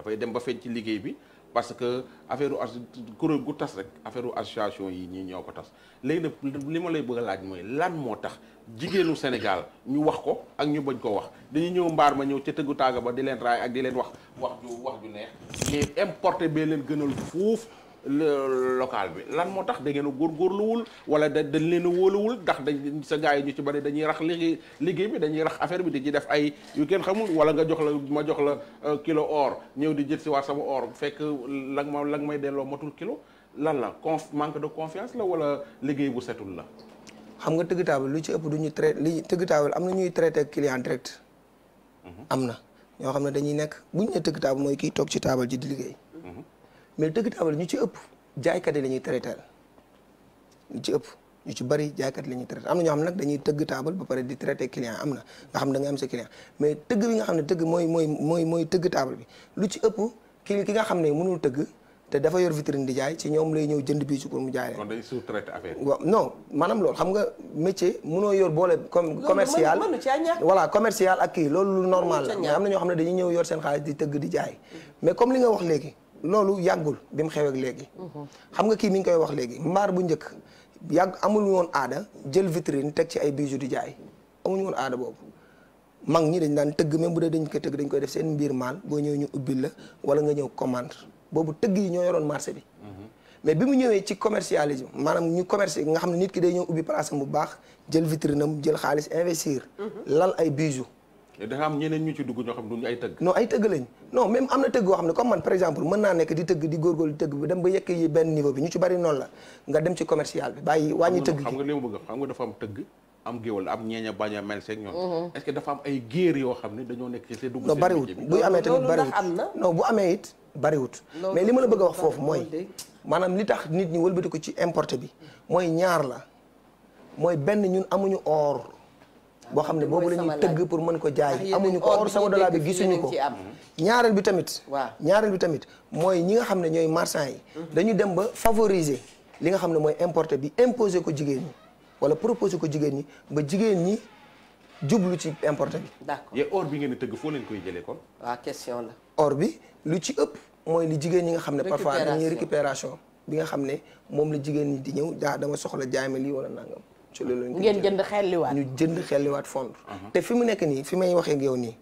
dafay dem ba feeñ ci liggéey bi parce que affaire u as kuréel gu tas rek affaire u association yi ñii ñoo ko tas léegi nag li ma lay bëgg a laaj mooy lan moo tax jigéenu Sénégal ñu wax ko ak ñu bañ ko wax dañuy ñëw mbaar ma ñëw ca tëggu taaga ba di leen raay ak di leen wax wax ju wax ju neex mais importé bee leen gënal foofu local bi lan moo tax da ngeen góor góorluwul wala da dañ leen wóoluwul ndax dañ sa gaa yi ñu ci bari dañuy rax liggéey liggéey bi dañuy rax affaire bi di ci def ay yu kenn xamul wala nga jox la ma jox la euh, kilo or ñëw di jël si waat sama or fekk la ma la may delloo matul kilo lan la conf manque de confiance la wala liggéey bu setul la. xam nga tëgg taabal lu ci ëpp du ñu traité li tëgg taabal am na ñuy traité ak client mhm. am na ñoo xam ne dañuy nekk bu ñu ne tëgg taabal mooy kii toog ci taabal ji di liggéey. Mhm. mais tëgg taabal ñu ci ëpp jaaykat yi la ñuy traité ñu ci ëpp ñu ci bari jaaykat yi la ñuy traité am na ñoo xam nag dañuy tëgg taabal ba pare di traité client am na nga xam da am sa client mais tëgg bi nga xam ne tëgg mooy mooy mooy mooy tëgg taabal bi lu ci ëpp ki nga xam ne mënul tëgg te dafa yor vitrine di jaay ci ñoom lay ñëw jënd bii ci pour mu jaay leen. kon day sous-traité xam nga métier mënoo yor boole comme commercial voilà commercial ak loolu normal la am na ñoo xam ne dañuy ñëw yor seen xaalis di tëgg di jaay mm-hmm. mais comme li nga wax léegi loolu yàggul bi mu xewee léegi. xam nga kii mi ngi koy wax léegi mbaar bu njëkk yàgg amul woon aada jël vitrine teg ci ay bijoux di jaay amuñu woon aada boobu. mag ñi dañ daan tëgg même bu dee dañ ko tëgg dañ koy def seen mbiir maal boo ñëwee ñu ubbi la wala nga ñëw commande boobu tëgg yi ñoo yoroon marché bi. mais bi mu ñëwee ci commercialisme maanaam ñu commerce nga xam ne nit ki day ñëw ubbi place am bu baax jël vitrine jël xaalis investir. Mhm. lal ay bijoux. dafa am ñeneen ñu ci dugg ñoo xam ne duñu ay tëgg non ay tëgg am na tëgg yoo xam ne comme man par exemple mën naa nekk di tëgg di góorgóorlu di tëgg bi dem ba yekk yi benn niveau bi ñu ci bari a mel seeg ñoom mhm. est-ce que dafa am ay géer yoo xam ne dañoo nekk ci seen dugg non bariwut buy amee tamit bariwut non bu amee it bariwut mais li ma la bëgg a wax foofu mooy maanaam li tax nit ñi wëlbatiku ci importe bi mooy ñaar la mooy benn ñun amuñu oor boo xam ne boobu la ñuy tëgg pour mën ko jaay amuñu ko or sama dollar bi gisuñu ko ñaareel bi tamit waaw ñaareel bi tamit mooy ñi nga xam ne ñooy marchand yi mhm. dañu dem ba favoriser li nga xam ne mooy importé bi imposer ko jigéen ñi wala proposer ko jigéen ñi ba jigéen ñi jublu ci importé bi d'accord yee or bi ngeen di foo leen koy jëlee kon waaw question la bi lu ci ëpp mooy li jigéen ñi nga xam ne parfois dañuy récupération bi nga xam ne moom la jigéen ñi di ñëw daa dama soxla jaay ma lii wala nangam ci loolu lañ ngeen jënd xelliwaat ñu jënd xelliwaat fond uh-huh. te fi mu nekk nii fi may waxee ak yow nii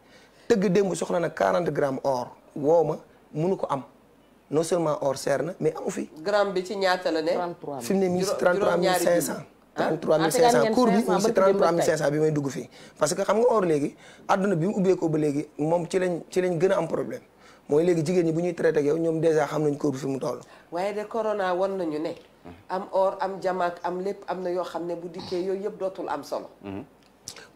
tëgg démb soxla na 40 grammes or woo ma mënu ko am non seulement or seer na mais amu fi. gramme bi ci ñaata la ne. 33 fi mu ne nii si 33500. ah 33500 cours bi si bi may dugg fii. parce que xam nga or léegi àdduna bi mu ubbeekoo ba léegi moom ci lañ ci lañ gën am problème mooy léegi jigéen ñi bu ñuy traité ak ñoom dèjà xam nañ cours bi mu toll. waaye de corona wan nañu ne. am or am jamaak am lépp am na yoo xam ne bu dikkee yooyu yëpp dootul am solo. Mhm.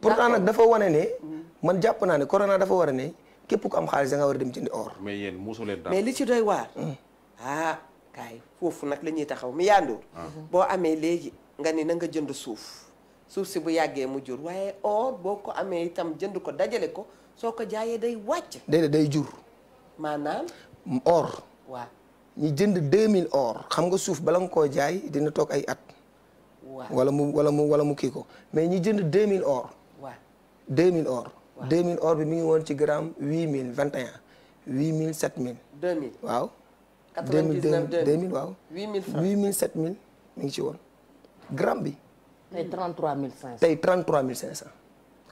pourtant nag dafa wane ne. Mhm. man jàpp naa ne corona dafa war a ne képp ku am xaalis danga war a dem jëndi or. mais yéen muusu leen mais li ci doy waar. Mhm. ah kaay foofu nag lañuy taxaw mi yaandu. Ah. boo amee léegi nga ni na nga jënd suuf. suuf si bu yàggee mu jur waaye or boo ko amee itam jënd ko dajale ko soo ko jaayee day wàcc. déedéet day jur. maanaam. or. ñi jënd 2000 or xam nga suuf bala nga koo jaay dina toog ay at. waaw wala mu wala mu wala mu kii ko mais ñi jënd 2000 or. waaw 2000 or. waaw 2000 or bi mu ngi woon ci gramme 8000 21 8000 7000. 2000 waaw. 99 2000 2000 waaw. 8000 francs 8000 7000 mi ngi ci woon gramme bi. tey 33500 cinq cent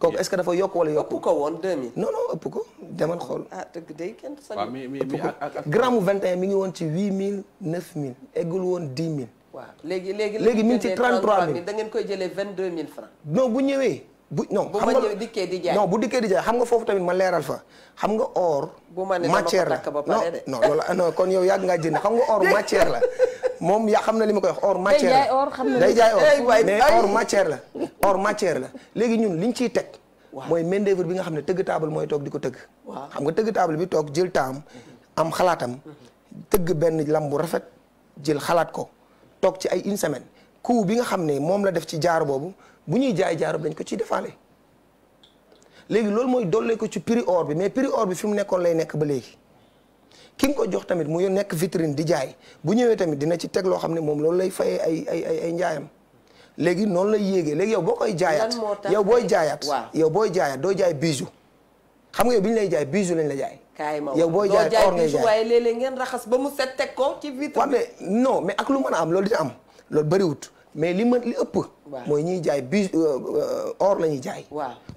kooku est-ce que dafa yokk wala yokk ëpp ko woon 2000. ëpp ko demal xool. ah dëgg day kenn sañ. waaw mi mi ak gramme mu 21 mi ngi woon ci 8000 9000 eggul woon 10000. waaw léegi léegi léegi mi ngi ci 33000 da ngeen koy jëlee 22000 francs. non bu ñëwee. bu non bu dikkee di jaay non bu dikkee di xam nga foofu tamit ma leeral fa xam nga or. bu ma nee dama ko takk ba pare de matière la non non loolu non kon yow yàgg ngaa jënd xam nga or (laughs) matière la. moom yaa xam na li ma koy wax or matière la or xam na day jaay or mais or matière la or matière la léegi ñun liñ ciy teg mooy main d'œuvre bi nga xam ne tëgg taabal mooy toog di ko tëgg xam nga tëgg taabal bi toog jël taam am xalaatam tëgg benn lam bu rafet jël xalaat ko toog ci ay une semaine coût bi nga xam ne moom la def ci jaar boobu bu ñuy jaay jaar dañ ko ciy defaale léegi loolu mooy dollee ko ci prix or bi mais prix or bi fi mu nekkoon lay nekk ba léegi ki nga ko jox tamit mu nekk vitrine di jaay bu ñëwee tamit dina ci teg loo xam ne moom loolu lay fayee ay ay léegi noonu lay yéegee léegi yow boo koy jaayaat yow booy jaayaat yow booy jaayaat doo jaay bijou xam nga yow bi ñu lay jaay bijou lañ la jaay yow booy jaay or ngay jaay ngeen raxas ba mu set teg ko ci vitre mais non mais ak lu mën a am loolu dina am loolu bëriwut mais li mën li ëpp mooy ñiy jaay bi euh, euh, or la ñuy jaay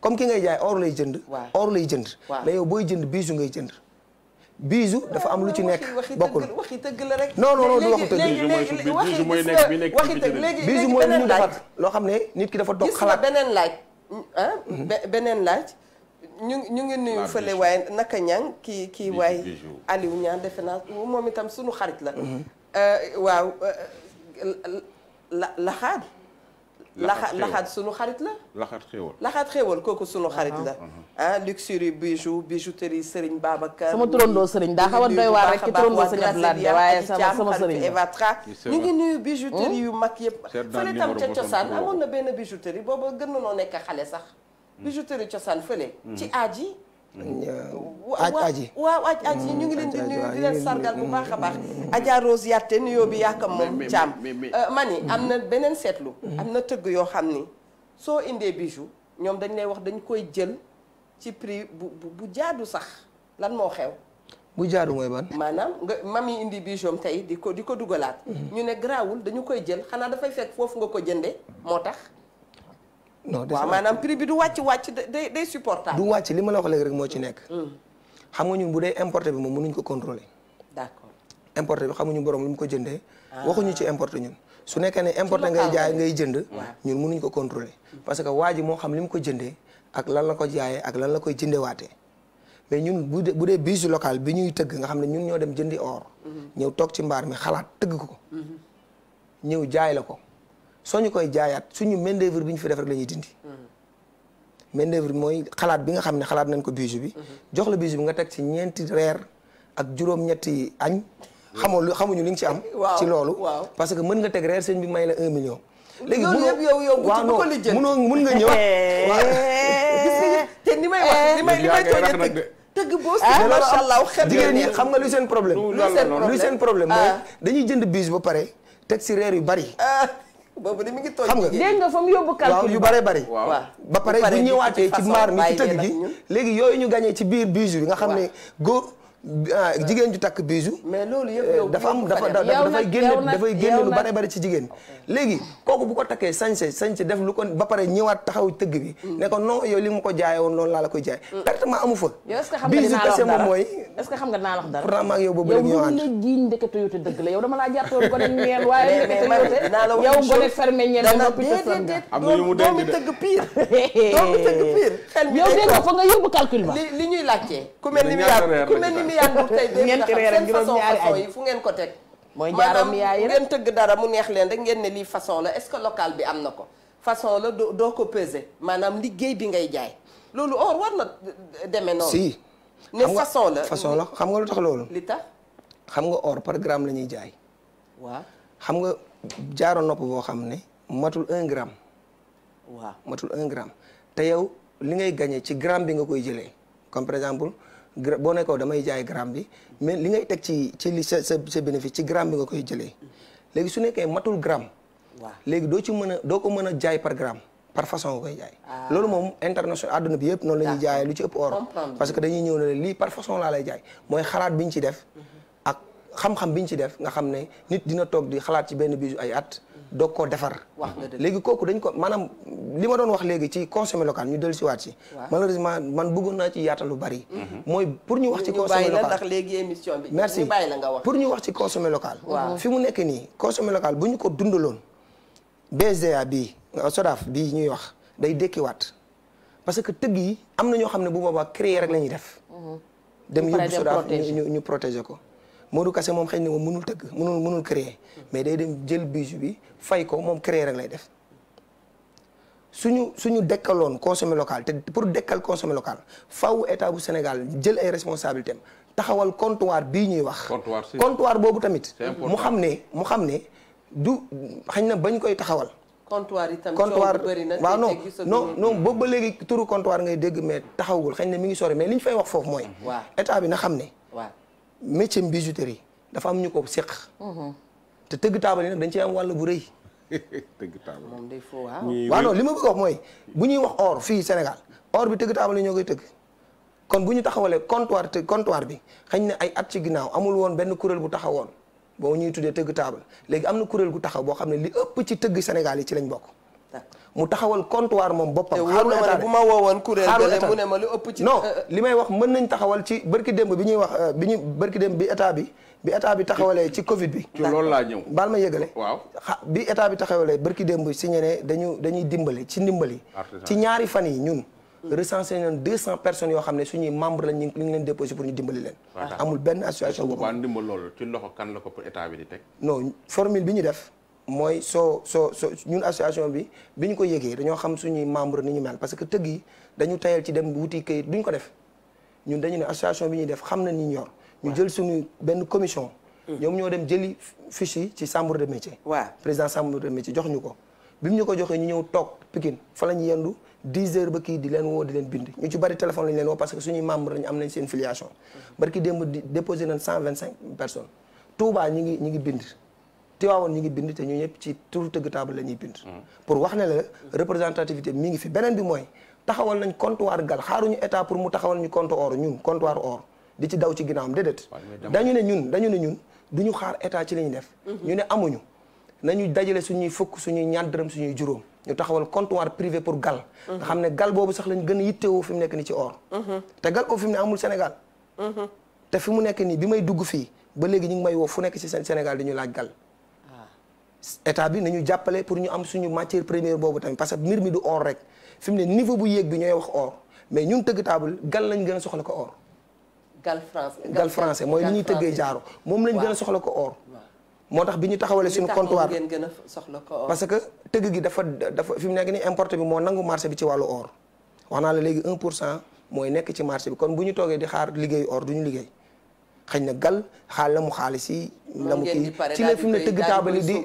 comme ki ngay jaay or lay jënd or lay jënd mais yow booy jënd bijou ngay jënd bisu dafa am lu ci nekk bokkul waxi tëgg la rek non non non du waxu tëgg bisu mooy nekk bi nekk waxi tëgg léegi bisu mooy lu ñu loo xam ne nit ki dafa toog xalaat beneen laaj ah mhm. beneen laaj ñu ñu ngi nuyu fële waaye naka ñang kii kii waay Aliou Niang defe naa moom itam suñu xarit la mhm. euh, waaw euh, laxaar laxaat laxaat sunu xarit la. laxaat xéewal laxaat xéewal kooku sunu xarit la. ah luxury bijou bijouterie Serigne Babacar. sama turandoo Serigne daa xaw a doy waar rek ki turandoo Serigne Abdoulaye waaye sama sama Serigne Eva Tra ñu ngi nuyu bijouterie yu mag yëpp. fële tam ca cosaan amoon na benn bijouterie booba gën na noo nekk xale sax. Hmm. bijouterie cosaan fële. Hmm. ci aaj yi aaj aaj yi waaw aaj aaj yi ñu ngi leen di nuyu di leen sargal bu baax a baax Adja Rose yàtte nuyoo bi yaakam moom caam euh, mani am na mm-hmm. beneen seetlu mm-hmm. am na tëgg yoo xam ni soo indee bijou ñoom dañ lay wax dañ koy jël ci prix bu bu jaadu sax lan moo xew bu jaadu mooy ban maanaam nga mami indi bijoom tey di ko di ko dugalaat mm-hmm. ñu ne garaawul dañu koy jël xanaa dafay fekk foofu nga ko jënde moo tax non waaw maanaam prix bi du wàcc wàcc day day supportable. du wàcc li ma la léegi rek moo ci nekk. Mm. xam nga ñun bu dee importé bi moom mënuñ ko contrôler. d'accord importé bi xamuñu borom lu mu ko jëndee. Ah. waxuñu ci importé ñun. su nekkee ne importé ngay jaay ngay jënd. ñun mënuñ ko contrôler. parce que waa ji moo xam li mu ko jëndee ak lan la ko jaayee ak lan la koy jëndewaatee. mais ñun bu dee bu dee bise local bi ñuy tëgg nga xam ne ñun ñoo dem jëndi or. Mm-hmm. ñëw toog ci mbaar mi xalaat tëgg ko. Mm-hmm. ñëw jaay la ko. soo ñu koy jaayaat suñu main d'œuvre bi ñu fi def rek la ñuy dindi. main d'œuvre mooy xalaat bi nga xam ne xalaat nañ ko budget bi. jox la budget bi nga teg ci ñeenti reer ak juróom-ñetti añ. xamoo lu xamuñu li nga ci am. ci loolu. parce que mën nga teg reer sëñ may la un léegi mënoo yow yow bu ko mën nga ñëw. Eh. te ni tëgg boo eh? xam nga luy seen problème. luy seen problème ah. dañuy jënd budget ba pare teg ci reer yu bari ah. boobu de mi ngi tooñ xam nga dégg nga fa mu yóbbu calcul yu bare bare waaw ba pare bu ñëwaatee ci maar mi ci tëgg gi léegi yooyu ñu gagné ci biir budget bi nga xam ne góor Ah, jigéen ju takk bijou mais loolu yëpp yow dafa am dafa dafay génne dafay génne lu bare bare ba pare ñëwaat taxaw tëgg bi hmm. ne ko non yow ko jaay woon loolu laa la koy jaay pertement hmm. amu fa bijou kese moom mooy est-ce que xam nga dinaa la wax dara pourtant maa la ñëwaat yow la jiiñ ndekete yow te dëgg la na yu mu dégg de doomi tëgg pire (laughs) doomi tëgg pire yow dégg fa nga li ñuy laajte ku mel ni (laughs) ñeenti reer ak juróom ñaari añ yi fu ngeen ko teg mooy jaaram yaay tëgg dara mu neex leen rek ngeen ne lii façon la est-ce que local bi am na ko façon la doo ko peser maanaam liggéey bi ngay jaay loolu or war na demee noonu si ne façon la façon la xam nga lu tax loolu li tax xam nga or par gramme la ñuy jaay waa xam nga jaaro nopp boo xam ne matul un gramme waa matul un gramme te yow li ngay gagné ci gramme bi nga koy jëlee comme par exemple boo nekkoo damay jaay gramme bi mais li ngay teg ci ci li sa sa sa ci gramme bi nga koy jëlee léegi su nekkee matul gramme. waaw léegi doo ci mën a doo ko mën a jaay par gramme par façon nga koy jaay. Ah. loolu moom international àdduna bi yëpp noonu la ñuy jaayee lu ci ëpp or. parce que dañuy ñëw ne lii par façon laa lay jaay mooy xalaat bi ñu ci def. Mhm. ak xam-xam bi ñu ci def nga xam ne nit dina toog di xalaat ci benn bisu ay at. doog koo defar léegi kooku dañ ko maanaam li ma doon wax léegi ci consommer local ñu dellu siwaat si malheureusement man bëggoon naa ci yaatal lu bari mhm. mooy pour ñu wax ci consommer local ndax léegi émission bi merci pour ñu wax ci consommer local fi mu nekk nii consommer local bu ñu ko dundaloon BZA bi euh, SODAF bii ñuy wax day dékkiwaat parce que tëgg yi am na ñoo xam ne bu boobaa créer rek la ñuy def mhm. dem yóbbu SODAF ñu ñu ko Modou Kassé moom xëy na moom mënul tëgg mënul mënul créer mais day dem jël bijou bi fay ko moom créer rek lay def suñu suñu dekkaloon consommer local te pour dekkal consommer local faw état bu Sénégal jël ay responsabilités taxawal comptoir bii ñuy wax. comptoir comptoir boobu tamit. mu xam ne mu xam ne du xañ na bañ koy taxawal. comptoir yi tamit comptoir waaw non noo non boobu ba léegi turu comptoir ngay dégg mais taxawul xañ ne mi ngi sori mais li ñu fay wax foofu mooy. état bi na xam ne. métier bijouterie dafa am ñu ko seq. Mhm. te tëgg taabal yi nag dañ ci am wàll bu rëy. (laughs) tëgg taabal moom day fo waaw li ma bëgg wax mooy bu ñuy wax or fii Sénégal or bi tëgg taabal yi ñoo koy tëgg. kon bu ñu taxawalee comptoir te comptoir bi xañ na ay at ci ginnaaw amul woon benn kuréel bu woon boo ñuy tuddee tëgg taabal léegi am na kuréel gu taxaw boo xam ne li ëpp ci tëgg Sénégal yi ci lañ bokk. mu taxawal comptoir moom boppam. xarul état bu ma woowoon kuréel gale ne ma lu ëpp ci. non li may wax mën nañ taxawal ci bërki démb bi ñuy wax euh, bi ñu bërki démb bi état bi bi état bi taxawalee ci Covid bi. loolu laa ñëw baal ma yëgale. waaw xa bi état bi taxawalee bërki démb si ñu ne dañu dañuy dimbali ci ndimbali. ci ñaari fan yi ñun. recensé nañ 200 personnes yoo xam ne suñuy membre lañ ñu ngi leen déposé pour ñu dimbali leen. amul benn association boobu. waaw ndimbal loolu ci loxo kan la ko pour état bi di teg. non formule bi ñu def mooy soo soo soo ñun association bi bi ñu ko yëgee dañoo xam suñuy membre ni ñu mel parce que tëgg yi dañu tayal ci dem wuti këyit duñ ko def ñun dañu ne association bi ñuy def xam na ni ñu yor ñu jël suñu benn commission mm. ñoom ñoo dem jëli fiche yi ci chambre de métier waaw président chambre de jox ñu ko bi mu ñu ko joxee ñu ñëw toog Pikine fa la ñu yendu 10 heures ba kii di leen woo di leen bind ñu ci bari téléphone lañu leen woo parce que suñuy membre lañu am nañ seen filiation mm. barki démb déposé nañ 125 personnes ngi ñi ngi bind Tiwaawoon ñu ngi bind te ñu ñëpp ci turu tëgg table la bind. pour wax ne la représentativité mi ngi fi beneen bi mooy taxawal nañ comptoir gal xaaruñu état pour mu taxawal ñu compte or ñun comptoir or di ci daw ci ginnaawam déedéet. dañu ne ñun dañu ne ñun duñu xaar état ci li ñu def. Mhm. ñu ne amuñu nañu dajale suñuy fukk suñuy ñaar dërëm suñuy juróom. ñu taxawal comptoir privé pour gal mhm. nga xam ne gal boobu sax lañ gën a yittewoo fi mu nekk nii ci or mhm. te gal boobu fi mu ne amul nekk nii bi may dugg fii ba léegi ñu may fu nekk ci Sénégal di ñu laaj gal état bi nañu jàppale pour ñu am suñu matière première boobu tamit parce que mbir mi du or rek fi mu ne niveau bu yéeg bi ñooy wax or mais ñun tëgg taabul gal lañ gën a soxla ko or. gal français gal français mooy li ñuy tëggee jaaro moom lañ gën a soxla ko or. moo tax bi ñu taxawalee suñu comptoir parce que tëgg gi dafa dafa fi nekk nii importe bi moo nangu marché bi ci wàllu or wax naa la léegi pour cent mooy nekk ci marché bi kon bu ñu toogee di xaar liggéeyu or du liggéey. xëy na gal xaal la mu xaalis yi la mu kii ci la fi mu ne tëgg taabal yi di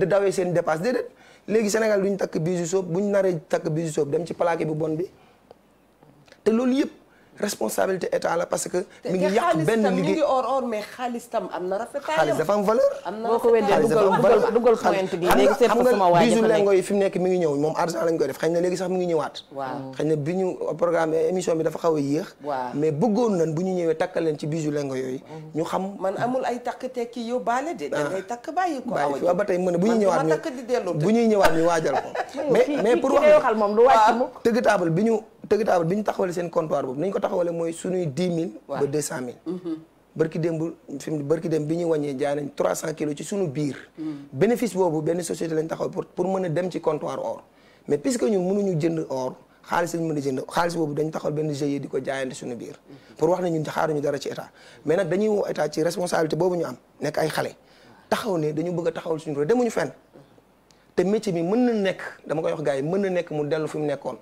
di dawee seen dépasse déedéet léegi Sénégal duñ takk bisu soob buñ naree takk bisu soob dem ci plaqué bu bon bi te loolu yëpp responsabilité état la parce que. mi ngi yàq benn liggéey te xaalis tam mi ngi or or mais am na rafetaayam. xaalis dafa am valeur. bi ñu a yéex. bu ñu ñëwee takkal leen ci bu ñuy ñëwaat ñu bu waajal ko (laughs) mais pour wax moom du wàcc ah. mukk tëgg taabal bi ñu tëgg taabal bi ñu taxawale seen comptoir boobu nañ ko taxawale mooy suñuy dix mille ba deux cent mille mhm. bërki démb bi ñu wàññee jaay nañ trois cent kilos ci suñu biir mhm. bénéfice boobu benn société lañ taxaw pour pour mën a dem ci comptoir or mais puisque ñun mënuñu jënd or xaalis lañ mën xaalis boobu dañ taxawal benn GIE di ko jaayante suñu biir mhm. pour wax ne ñun xaaruñu dara ci état mais nag dañuy woo état ci responsabilité boobu ñu am nekk ay xale taxaw ne dañu bëgg a taxawal suñu réew ñu fen te métier bi mën na nekk dama ko wax gars yi mën na nekk mu dellu fi mu nekkoon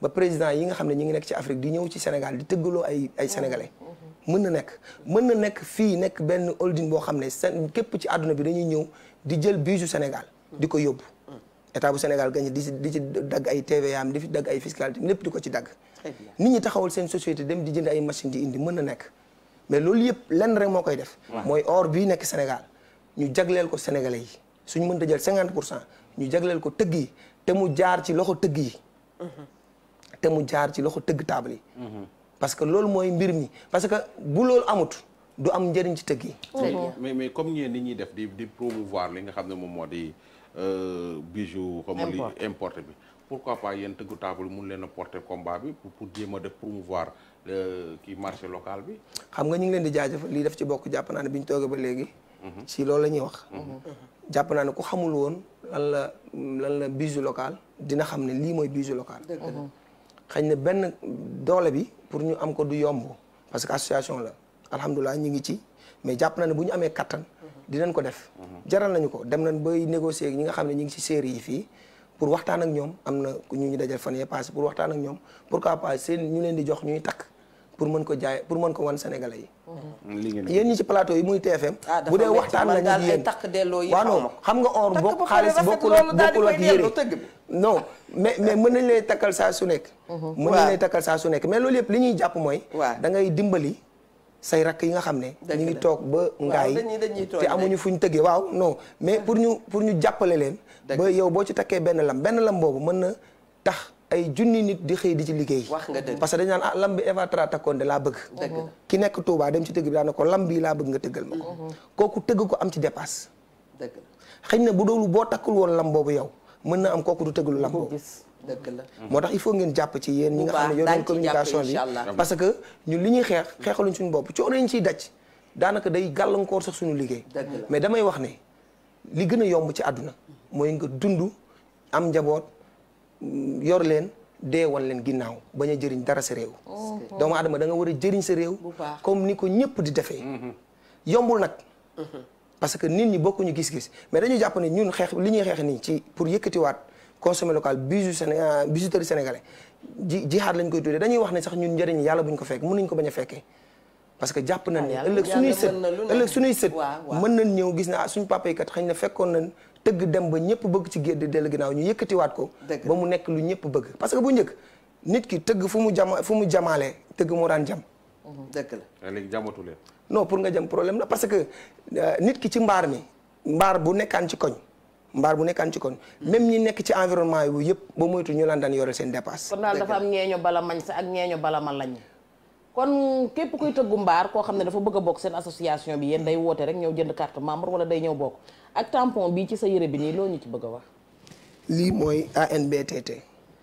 ba président yi nga xam ne ñu ngi nekk ci Afrique di ñëw ci Sénégal di tëggaloo ay ay sénégalais. Mm-hmm. mën na nekk mën na nekk fii nekk benn holding boo xam ne seen képp ci àdduna bi dañuy ñëw di jël bisu Sénégal. di ko yóbbu. Mm-hmm. état bu Sénégal gañ di ci di ci dagg ay TVA am di fi dagg ay fiscalité lépp di ko ci dagg. nit ñi taxawal seen société dem di jënd ay machine di indi mën na nekk. mais loolu yëpp lenn rek moo koy def. mooy or bii nekk Sénégal ñu jagleel ko Sénégalais yi suñu mënta jël 50 pour cent ñu jagleel ko tëgg yi te mu jaar ci loxo tëgg yi. Mm-hmm. te mu jaar ci loxo tëgg taabal yi. parce que loolu mooy mbir mi parce que bu loolu amut du am njëriñ ci tëgg yi. mais mais comme ñeen ni ñuy def di di promouvoir li nga xam ne moom moo di euh, bijou. xam li importé bi. pourquoi pas yéen tëggu taabal mun leen a porter combat bi pour jéem a def euh, local bi. xam nga ñu ngi leen di jaajëfal lii daf ci bokk jàpp naa ne bi ñu toogee ba léegi. Mhm. ci lool la ñuy wax. Mhm. Mhm. jàpp ne ku xamul woon lan la lan la bijou local dina xam ne lii mooy bijou local. xañ na benn doole bi pour ñu am ko du yomb parce que association la alhamdulilah ñu ngi ci mais jàpp na ne bu ñu amee kattan. dinañ ko def. jaral nañu ko dem nañ bay négocier ak ñi nga xam ne ñu ngi ci série yi fii pour waxtaan ak ñoom am na ñu ñu dajal fan yee passé pour waxtaan ak ñoom pour pas seen ñu leen di jox ñuy takk. pour mën ko jaay pour mën ko wan sénégalais yi mm-hmm. yéen ñi ci plateau yi muy TFM ah, bu dee waxtaan la ñu yéen waaw non xam nga or bokk xaalis bokkul bokkul ak yére non mais mais mën nañ lay takkal saa su nekk mm-hmm. mën nañ lay takkal saa su nekk mais loolu yëpp li ñuy jàpp mooy da ngay dimbali say rakk yi nga xam ne ñu ngi toog ba ngaay te amuñu fuñ tëggee waaw no mais pour ñu pour ñu jàppale leen ba yow boo ci takkee benn lam benn lam boobu mën na tax ay junni nit di xëy di ci liggéey. wax nga dëgg parce que dañ naan ah lamb bi Eva Tra takkoon de laa bëgg. ki nekk Touba dem ci tëgg bi daan na ko lamb bi laa bëgg nga tëggal ma ko. Mm-hmm. kooku tëgg ko am ci dépasse. dëgg xëy na bu doolu boo takkul woon lamb boobu yow mën na am kooku du tëggalu lamb boobu. dëgg la moo tax il faut ngeen jàpp ci yéen ñi nga xam ne yor nañ communication bi parce que ñun li ñuy xeex xeexaluñ suñu bopp coono yi ñu ciy daj daanaka day gàllankoor sax suñu liggéey mais damay wax ne li gën a yomb ci àdduna mooy nga dund am njaboot yor leen deewal leen ginnaaw bañ a jëriñ dara sa réew oh, oh. doomu adama da nga war a jëriñ sa réew comme ni ko ñëpp di defee mm-hmm. yombul nag mm-hmm. parce que nit ñi bokkuñu gis-gis mais dañu jàpp ne ñun xeex li ñuy xeex nii ci pour yëkkatiwaat consommer local bisu Sénégal ah, bijouterie sénégalais ji jihaad lañ koy tuddee dañuy wax ne sax ñun njëriñ yàlla buñ ko fekk mun nañ ko bañ a fekkee parce que jàpp nañ ne ah, ëllëg suñuy sët ëllëg suñuy sët mën nañ ñëw gis ne ah suñ papa yi kat xëy na fekkoon nañ tëgg dem ba ñëpp bëgg ci gédd dellu ginnaaw ñu waat ko ba mu nekk lu ñëpp bëgg parce que bu njëkk nit ki tëgg fu mu jama fu mu jamaalee tëgg moo daan jam mhm, dëgg la léegi jamatu pour nga jam problème la parce que euh, nit ki ci mbaar mi mbaar bu nekkaan ci koñ mbaar bu nekkaan ci koñ mhm. même ñi nekk ci environnement yu yëpp ba moytu ñu lan daan yore seen dépasse kon daal dafa am ñeeño bala mañ sa ak ñeeño bala ma lañ kon képp kuy tëggu mbaar koo xam ne dafa bëgg a bokk seen association bi yéen day woote rek ñëw jënd carte membre wala day ñëw bokk ak tampon bi ci sa yëre bi nii loo ñu ci bëgg a wax. lii mooy ANBTT.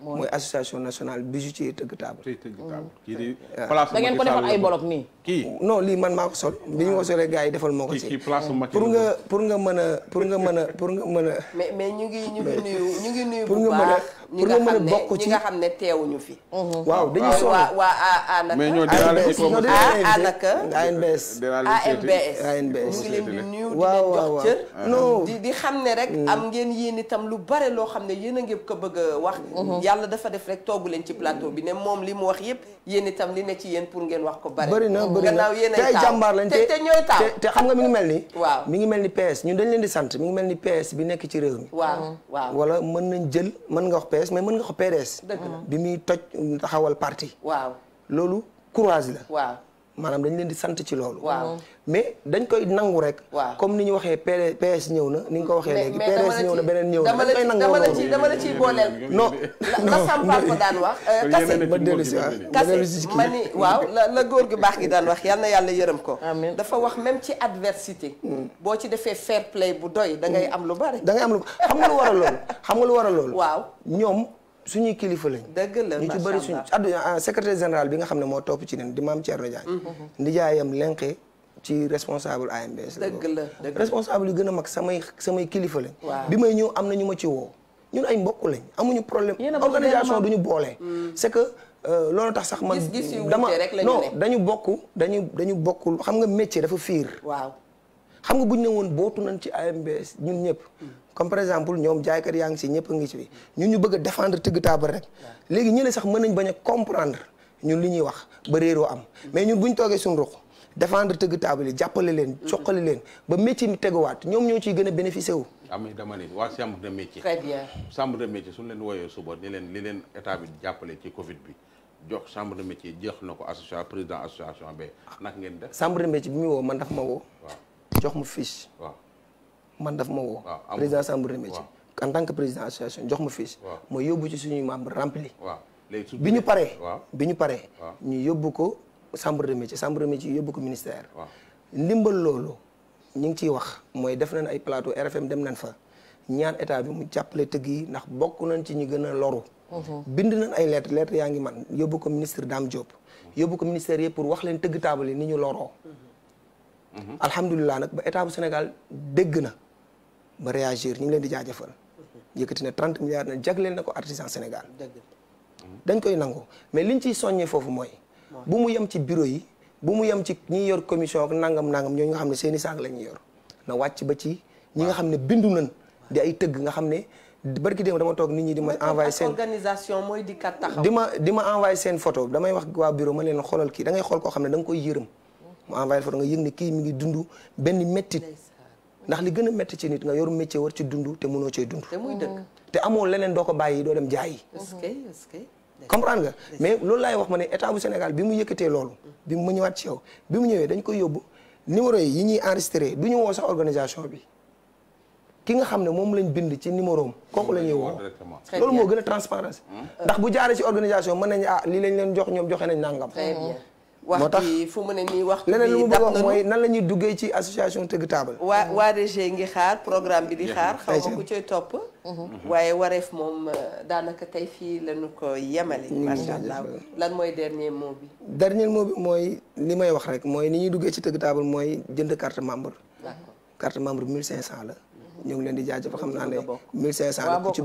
mooy association nationale bijoutier tëgg table. tëgg table mm. kii di place da ngeen ko defal ay bolok nii. kii lii man maa ko sol. bi ñu ko solee gars yi defal moo ko ci. pour nga pour nga mën a pour nga mën a pour nga mën a. mais mais ñu ngi ñu ngi nuyu ñu ngi nuyu bu ñi nga xam ne ñi nga xam ne teewuñu fi. waaw dañuy sonn waa waa ANACA. mais ñoo dinaa leen il faut ANACA. ANBS ANBS ANBS. ñu ngi leen di nuyu di leen jox cër. non di di xam ne rek. am ngeen yéen itam lu bare loo xam ne yéen a ngi ko bëgg a wax. Mm-hmm. yàlla dafa def rek toogu leen ci plateau bi ne moom li mu wax yëpp yéen itam li ne ci yéen pour ngeen wax ko bare. bëri na bëri na tey jàmbaar lañ te te ñooy taaw te xam nga mi ngi mel ni. waaw mi ngi mel ni PS ñun dañ leen di sant mi ngi mel ni PS bi nekk ci réew mi. waaw mm-hmm. waaw wala mën nañ jël mën nga wax PS mais mën nga ko PDS. bi muy toj taxawal parti. waaw loolu courage la. waaw maanaam dañ leen di sant ci loolu. waaw mais dañ koy nangu rek. waaw comme ni ñu waxee PS ñëw na ni ñu ko waxee léegi. PS ñëw na beneen ñëw na dañ koy nangu dama la ci dama la ciy booleel. non la Sam Papa daan wax. Euh, kase ba dellu si waaw ma ni waaw la góor gi baax gi daan wax yàlla yàlla yërëm ko. amiin dafa wax même ci adversité. Hmm. boo ci defee fair play bu doy da ngay hmm. am lu bari. da ngay am lu xam nga lu waral loolu. xam nga lu waral loolu. waaw ñoom suñuy kilifa lañ. dëgg la ñu ci bëri suñu addu ah, secrétaire général bi nga xam ne moo topp ci nen di maam Thierno Diagne. Mm-hmm. ndijaayam lenqe ci responsable AMBS. dëgg la dëgg responsable yu gën a mag samay samay kilifa lañ. bi may ñëw am na ñu ma ci woo. ñun ay mbokk lañ amuñu problème. organisation ñu boole. Mm. c'est que euh, loolu tax sax man. dama non dañu bokk dañu dañu bokkul xam nga métier dafa fiir. waaw xam nga buñ ne woon bootu nañ ci AMBS ñun ñëpp. Mm. comme par exemple ñoom jaaykat yaa ngi si ñëpp a ngi ci ñun ñu bëgg a défendre tëgg taabal rek léegi ñële sax mën nañ bañ a comprendre ñun li ñuy wax ba réeroo am mais ñun bu ñu toogee suñu ruq défendre tëgg taabal yi jàppale leen mm-hmm. coqale leen ba métier mi teguwaat ñoom ñoo ciy gën a bénéficié wu am dama leen waa chambre de suñu leen wooyee suba ni leen leen état bi jàppale ci covid bi jox chambre de métier jeex na ko association président association ba nag ngeen def chambre de métier bi muy woo man daf ma woo jox ma fiche waaw man daf ma woo président chambre de métier en tant que président association jox ma fiche ma yóbbu ci suñuy membre rempli bi ñu paree bi ñu paree ñu yóbbu ko chambre de métier chambre de métier yóbbu ko ministère ndimbal loolu ñu ngi ciy wax mooy def nañ ay plateau RFM dem nan fa ñaan état bi mu jàppale tëgg yi ndax bokk nañ ci ñu gën a loru mhm. bind na ay lettre lettre yaa ngi man yóbbu ko ministre Dame Diop mhm. yóbbu ko ministère yëpp pour wax leen tëgg taabal yi ni ñu loroo mhm. alhamdulilah nag ba état bu Sénégal dégg na ba réagir ñu ngi leen di jaajëfal yëkkati na 30 milliards na jagleel na ko artisan Sénégal dañ koy nangu mais liñ ciy soññee foofu mooy bu mu yem ci bureau yi bu mu yem ci ñi yor commission ak nangam nangam ñooñu nga xam ne seeni saag la ñuy yor na wàcc ba ci ñi nga xam ne bindu nañ di ay tëgg nga xam ne barki démb dama toog nit ñi di ma envoyé seen organisation mooy di kat taxaw di ma di ma seen photo damay wax waa bureau ma leen xoolal kii da ngay xool koo xam ne da koy yërëm mu envoyé photo mi ngi dund benn mettit ndax li gën a métti ci nit nga yor métier war ci dundu te mënoo cee dund. te muy dëgg te amoo leneen doo ko bàyyi doo dem jaayi. est-ce que nga mais loolu lay wax ma ne état bu Sénégal bi mu yëkkatee loolu. bi mu ñëwaat ci yow bi mu ñëwee dañ koy yóbbu numéro yi ñuy enregistré du ñu woo sax organisation bi. ki nga xam ne moom lañ bind ci numéro am kooku la ñuy woo loolu moo gën a transparence ndax bu jaaree ci organisation mën nañ ah lii lañ leen jox ñoom joxe nañ nangam. moo tax wax bi fu mu ne nii wax leneen lu mu bëgg wax mooy nan la ñuy duggee ci association tëgg taabal. waa waa DG ngi xaar programme bi di xaar. xaw ma ku cay topp. Mhm. Mhm. waaye wareef moom euh, daanaka tey fii lañu ko yemale. macha allah lan mooy dernier mot bi. dernier mot bi mooy li may wax rek mooy ni ñuy duggee ci tëgg taabal mooy jënd carte membre. carte membre 1500 la. ñu ngi leen di jaajëfal xam naa ne 1500 la a bokk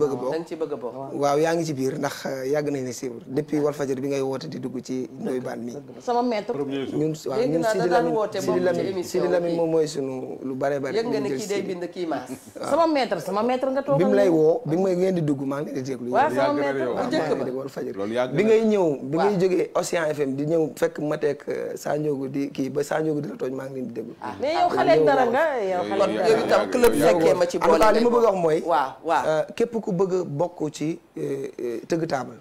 waaw yaa ngi ci biir ndax euh, yàgg nañ la suivre depuis Walfadjri bi ngay woote di dugg ci Ndoye Bane mi sama maître ñun waaw ñun Sidi Lamine Sidi Lamine moom mooy sunu lu bare bare (laughs) bi mu lay woo bi mu ngeen di dugg maa ngi leen di déglu waaw sama maître bu jëkk ba Walfadjri bi ngay ñëw bi ngay jógee Océan FM di ñëw fekk mateek euh, saa njoogu di kii ba saa njoogu di la tooj maa ngi leen di déglu ah, mais yow xale dara nga yow xale dara nga ci boole en tout cas ma bëgg a wax mooy. waaw waaw euh, képp ku bëgg a bokk ci euh, euh, tëgg taabal.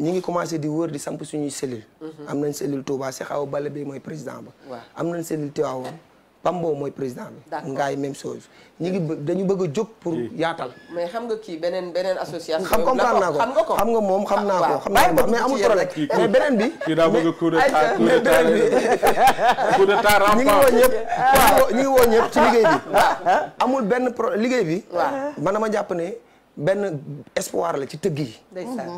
ñi ngi commencé di wor di samp suñuy cellule mhm. am nañ cellule Touba Cheikh Awa Balla bi mooy président ba. am nañ cellule Tivaouane Pambo mooy président bi. ngaay même chose ñu ngi bëgg dañu bëgg a jóg pour yaatal. mais xam nga kii beneen beneen association. xam comprendre naa ko xam nga moom xam naa ah, ko. xam naa ko mais amul problème mais beneen bi. kii daa bëgg coup d'état coup (laughs) ñëpp. ñu woo ñëpp ci liggéey bi. amul benn pro liggéey bi. waaw man dama jàpp ne benn espoir la ci tëgg yi.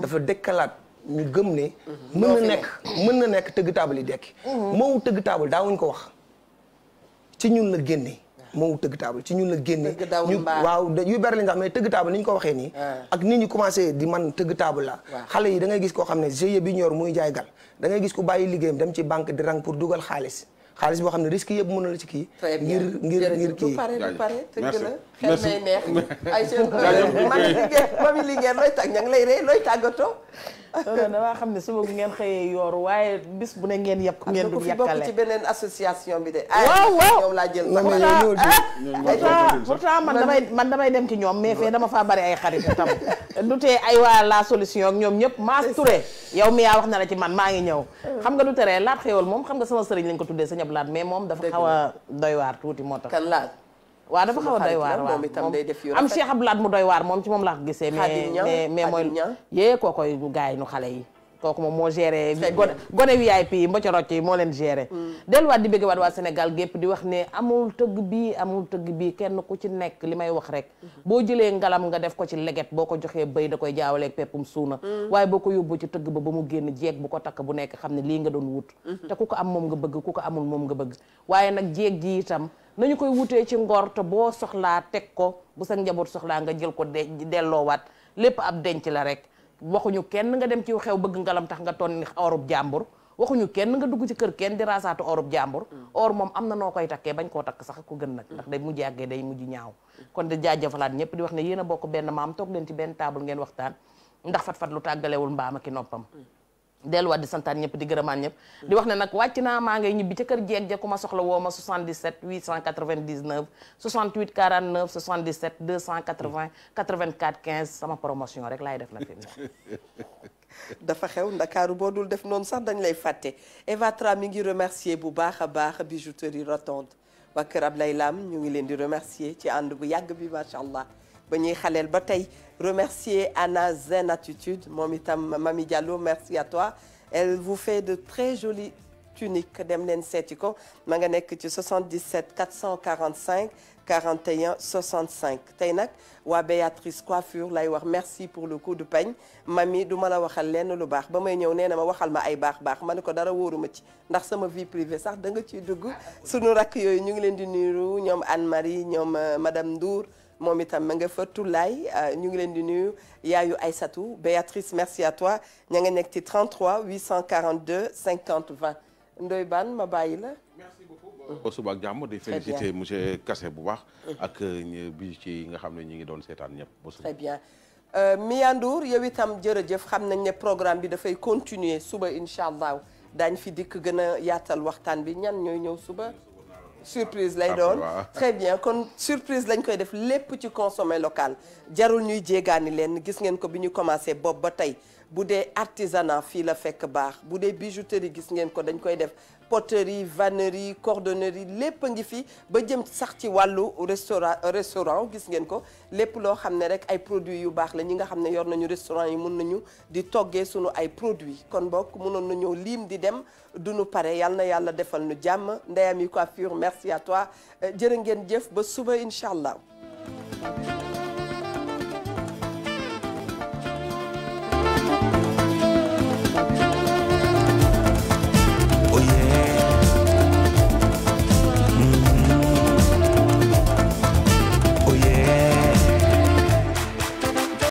dafa dëkkalaat. ñu gëm ne. Mhm. mën na nekk mën na nekk tëgg taabal yi dekki. Mhm. moo tëgg taabal daawuñ ko wax. ci ñun la génne moo tëgg taabal ci ñun la génne ñu waaw yu bari lañ sax mais tëgg taabal ni ñu ko waxee nii ah. ak nit ñu commencé di man tëgg taabal la xale yi da gis koo xam ne GIE bi ñor muy jaay gal da ngay gis ku bàyyi liggéeyam dem ci banque di rang pour dugal xaalis xaalis boo xam ne risque yëpp mën na la ci kii ngir ngir ngir kii xel may neex (laughs) ay seen man liggéey mami liggéey looy tàggatoo non damaa xam ne suba bu ngeen xëyee yooru waaye bis bu ne ngeen yàpp ku ngeen du yàkkale bokk ci beneen association bi de waaw ah, waaw laa jël pourtant ah. pourtant man damay man damay dem ci ñoom mais fee dama faa bari ay xarit tam (laughs) du tee ay waa laa solution ak ñoom ñëpp maa Touré yow mi yaa wax na la ci man maa ngi ñëw xam nga du tere laat xéewal moom xam nga sama sëriñ lañ ko tuddee sa ñab laat mais moom dafa xaw a waar tuuti moo tax kan laat waa dafa xaw a doy waar waaw moom itam def yu am Cheikh laat mu doy waar moom ci moom laa ko gisee mais mais mooy koo koy gaay nu xale yi kooku moom moo géré gone gone VIP yi mba corocc yi moo leen géré mm. delluwaat di bégg waat waa Sénégal gépp di wax ne amul tëgg bi amul tëgg bi kenn ku ci nekk li may wax rek mm-hmm. boo jëlee ngalam nga def ko ci leget boo ko joxee bay da koy jaawaleeg peppum suuna mm. waaye boo ko yóbbu ci tëgg ba ba mu génn jeeg bu ko takk bu nekk xam ne lii nga doon wut mm-hmm. te ko am moom nga bëgg ku ko amul moom nga bëgg waaye nag jeeg ji itam nañu koy wutee ci ngoor te boo soxlaa teg ko bu sa njaboot soxlaa nga jël ko de delloowaat lépp ab denc la rek waxuñu kenn nga dem ci xew bëgg ngalam tax nga ton ni orub jàmbur waxuñu kenn nga dugg ci kër kenn di raasaatu orub jàmbur mm. or moom am na noo koy takkee bañ koo takk sax ko gën nag ndax day mujj yàggee day mujj ñaaw kon di jaajafalaat ñëpp di wax ne yéen a bokk benn maam toog leen ci benn taabul ngeen waxtaan ndax fat fat lu tàggalewul mbaam ak i noppam mm. delluwaat di santaan ñëpp di gërëmaan ñëpp di wax ne nag wàcc naa maa ngay ñibbi ca kër jeeg ja ku ma soxla woo ma 77 899 68 49 77 280 84 15 sama promotion rek laay def nag fi (laughs) dafa xew ndakaaru boo dul def noonu sax dañ lay fàtte Eva Tra mi ngi remercier bu baax a baax bijouterie Rotonde waa kër lay Lam ñu ngi leen di remercier ci ànd bu yàgg bi macha allah ba ñuy xaleel ba tey remercier Anna Zen Attitude moom itam Mami Diallo merci à toi elle vous fait de très jolies tuniques dem leen seeti ko ma nga nekk ci 77 445 41 65 tey nag waa Béatrice Coiffure lay wax merci pour le coup de peigne mami du ma waxal lenn lu baax ba may ñëw nee na ma waxal ma ay baax baax ma ne ko dara wóoruma ci ndax sama vie privée sax da nga ciy dugg sunu rakk yooyu ñu ngi leen di nuyu ñoom Anne Marie ñoom euh, madame Ndour moom itam ma nga fa Toulaye euh, ñu ngi leen di nuyu yaayu Aïssatou Béatrice merci à toi ña nga nekk ci 33 842 50 20 Ndoye Bane ma bàyyi la. merci suba ak jàmm di féliciter monsieur Kassé bu baax. Mm. ak euh, bi ci nga xam ne ñi ngi doon seetaan ñëpp ba suba. très bien euh, Mia yow itam jërëjëf xam nañ ne programme bi dafay continuer suba incha allah daañ fi dikk gën a yaatal waxtaan bi ñan ñooy ñëw suba. surprise lay ah, doon très bien kon surprise lañ koy def lépp ci consommer local jarul ñuy jéegaani leen gis ngeen ko bi ñu commencé bopp ba tey bu dee artisanat fii la fekk baax bu dee bijouterie gis ngeen ko dañ koy def poterie vannerie cordonnerie lépp a ngi fi ba jëm sax ci wàllu restaurant restaurant gis ngeen ko lépp loo xam ne rek ay produits yu baax la ñi nga xam ne yor nañu restaurant yi mun nañu di toggee sunu ay produits kon bokk mënoon nañoo liim di dem duñu pare yal na yàlla defal nu jàmm ndeyam yi coiffure merci à toi jërë ngeen jëf ba suba incha allah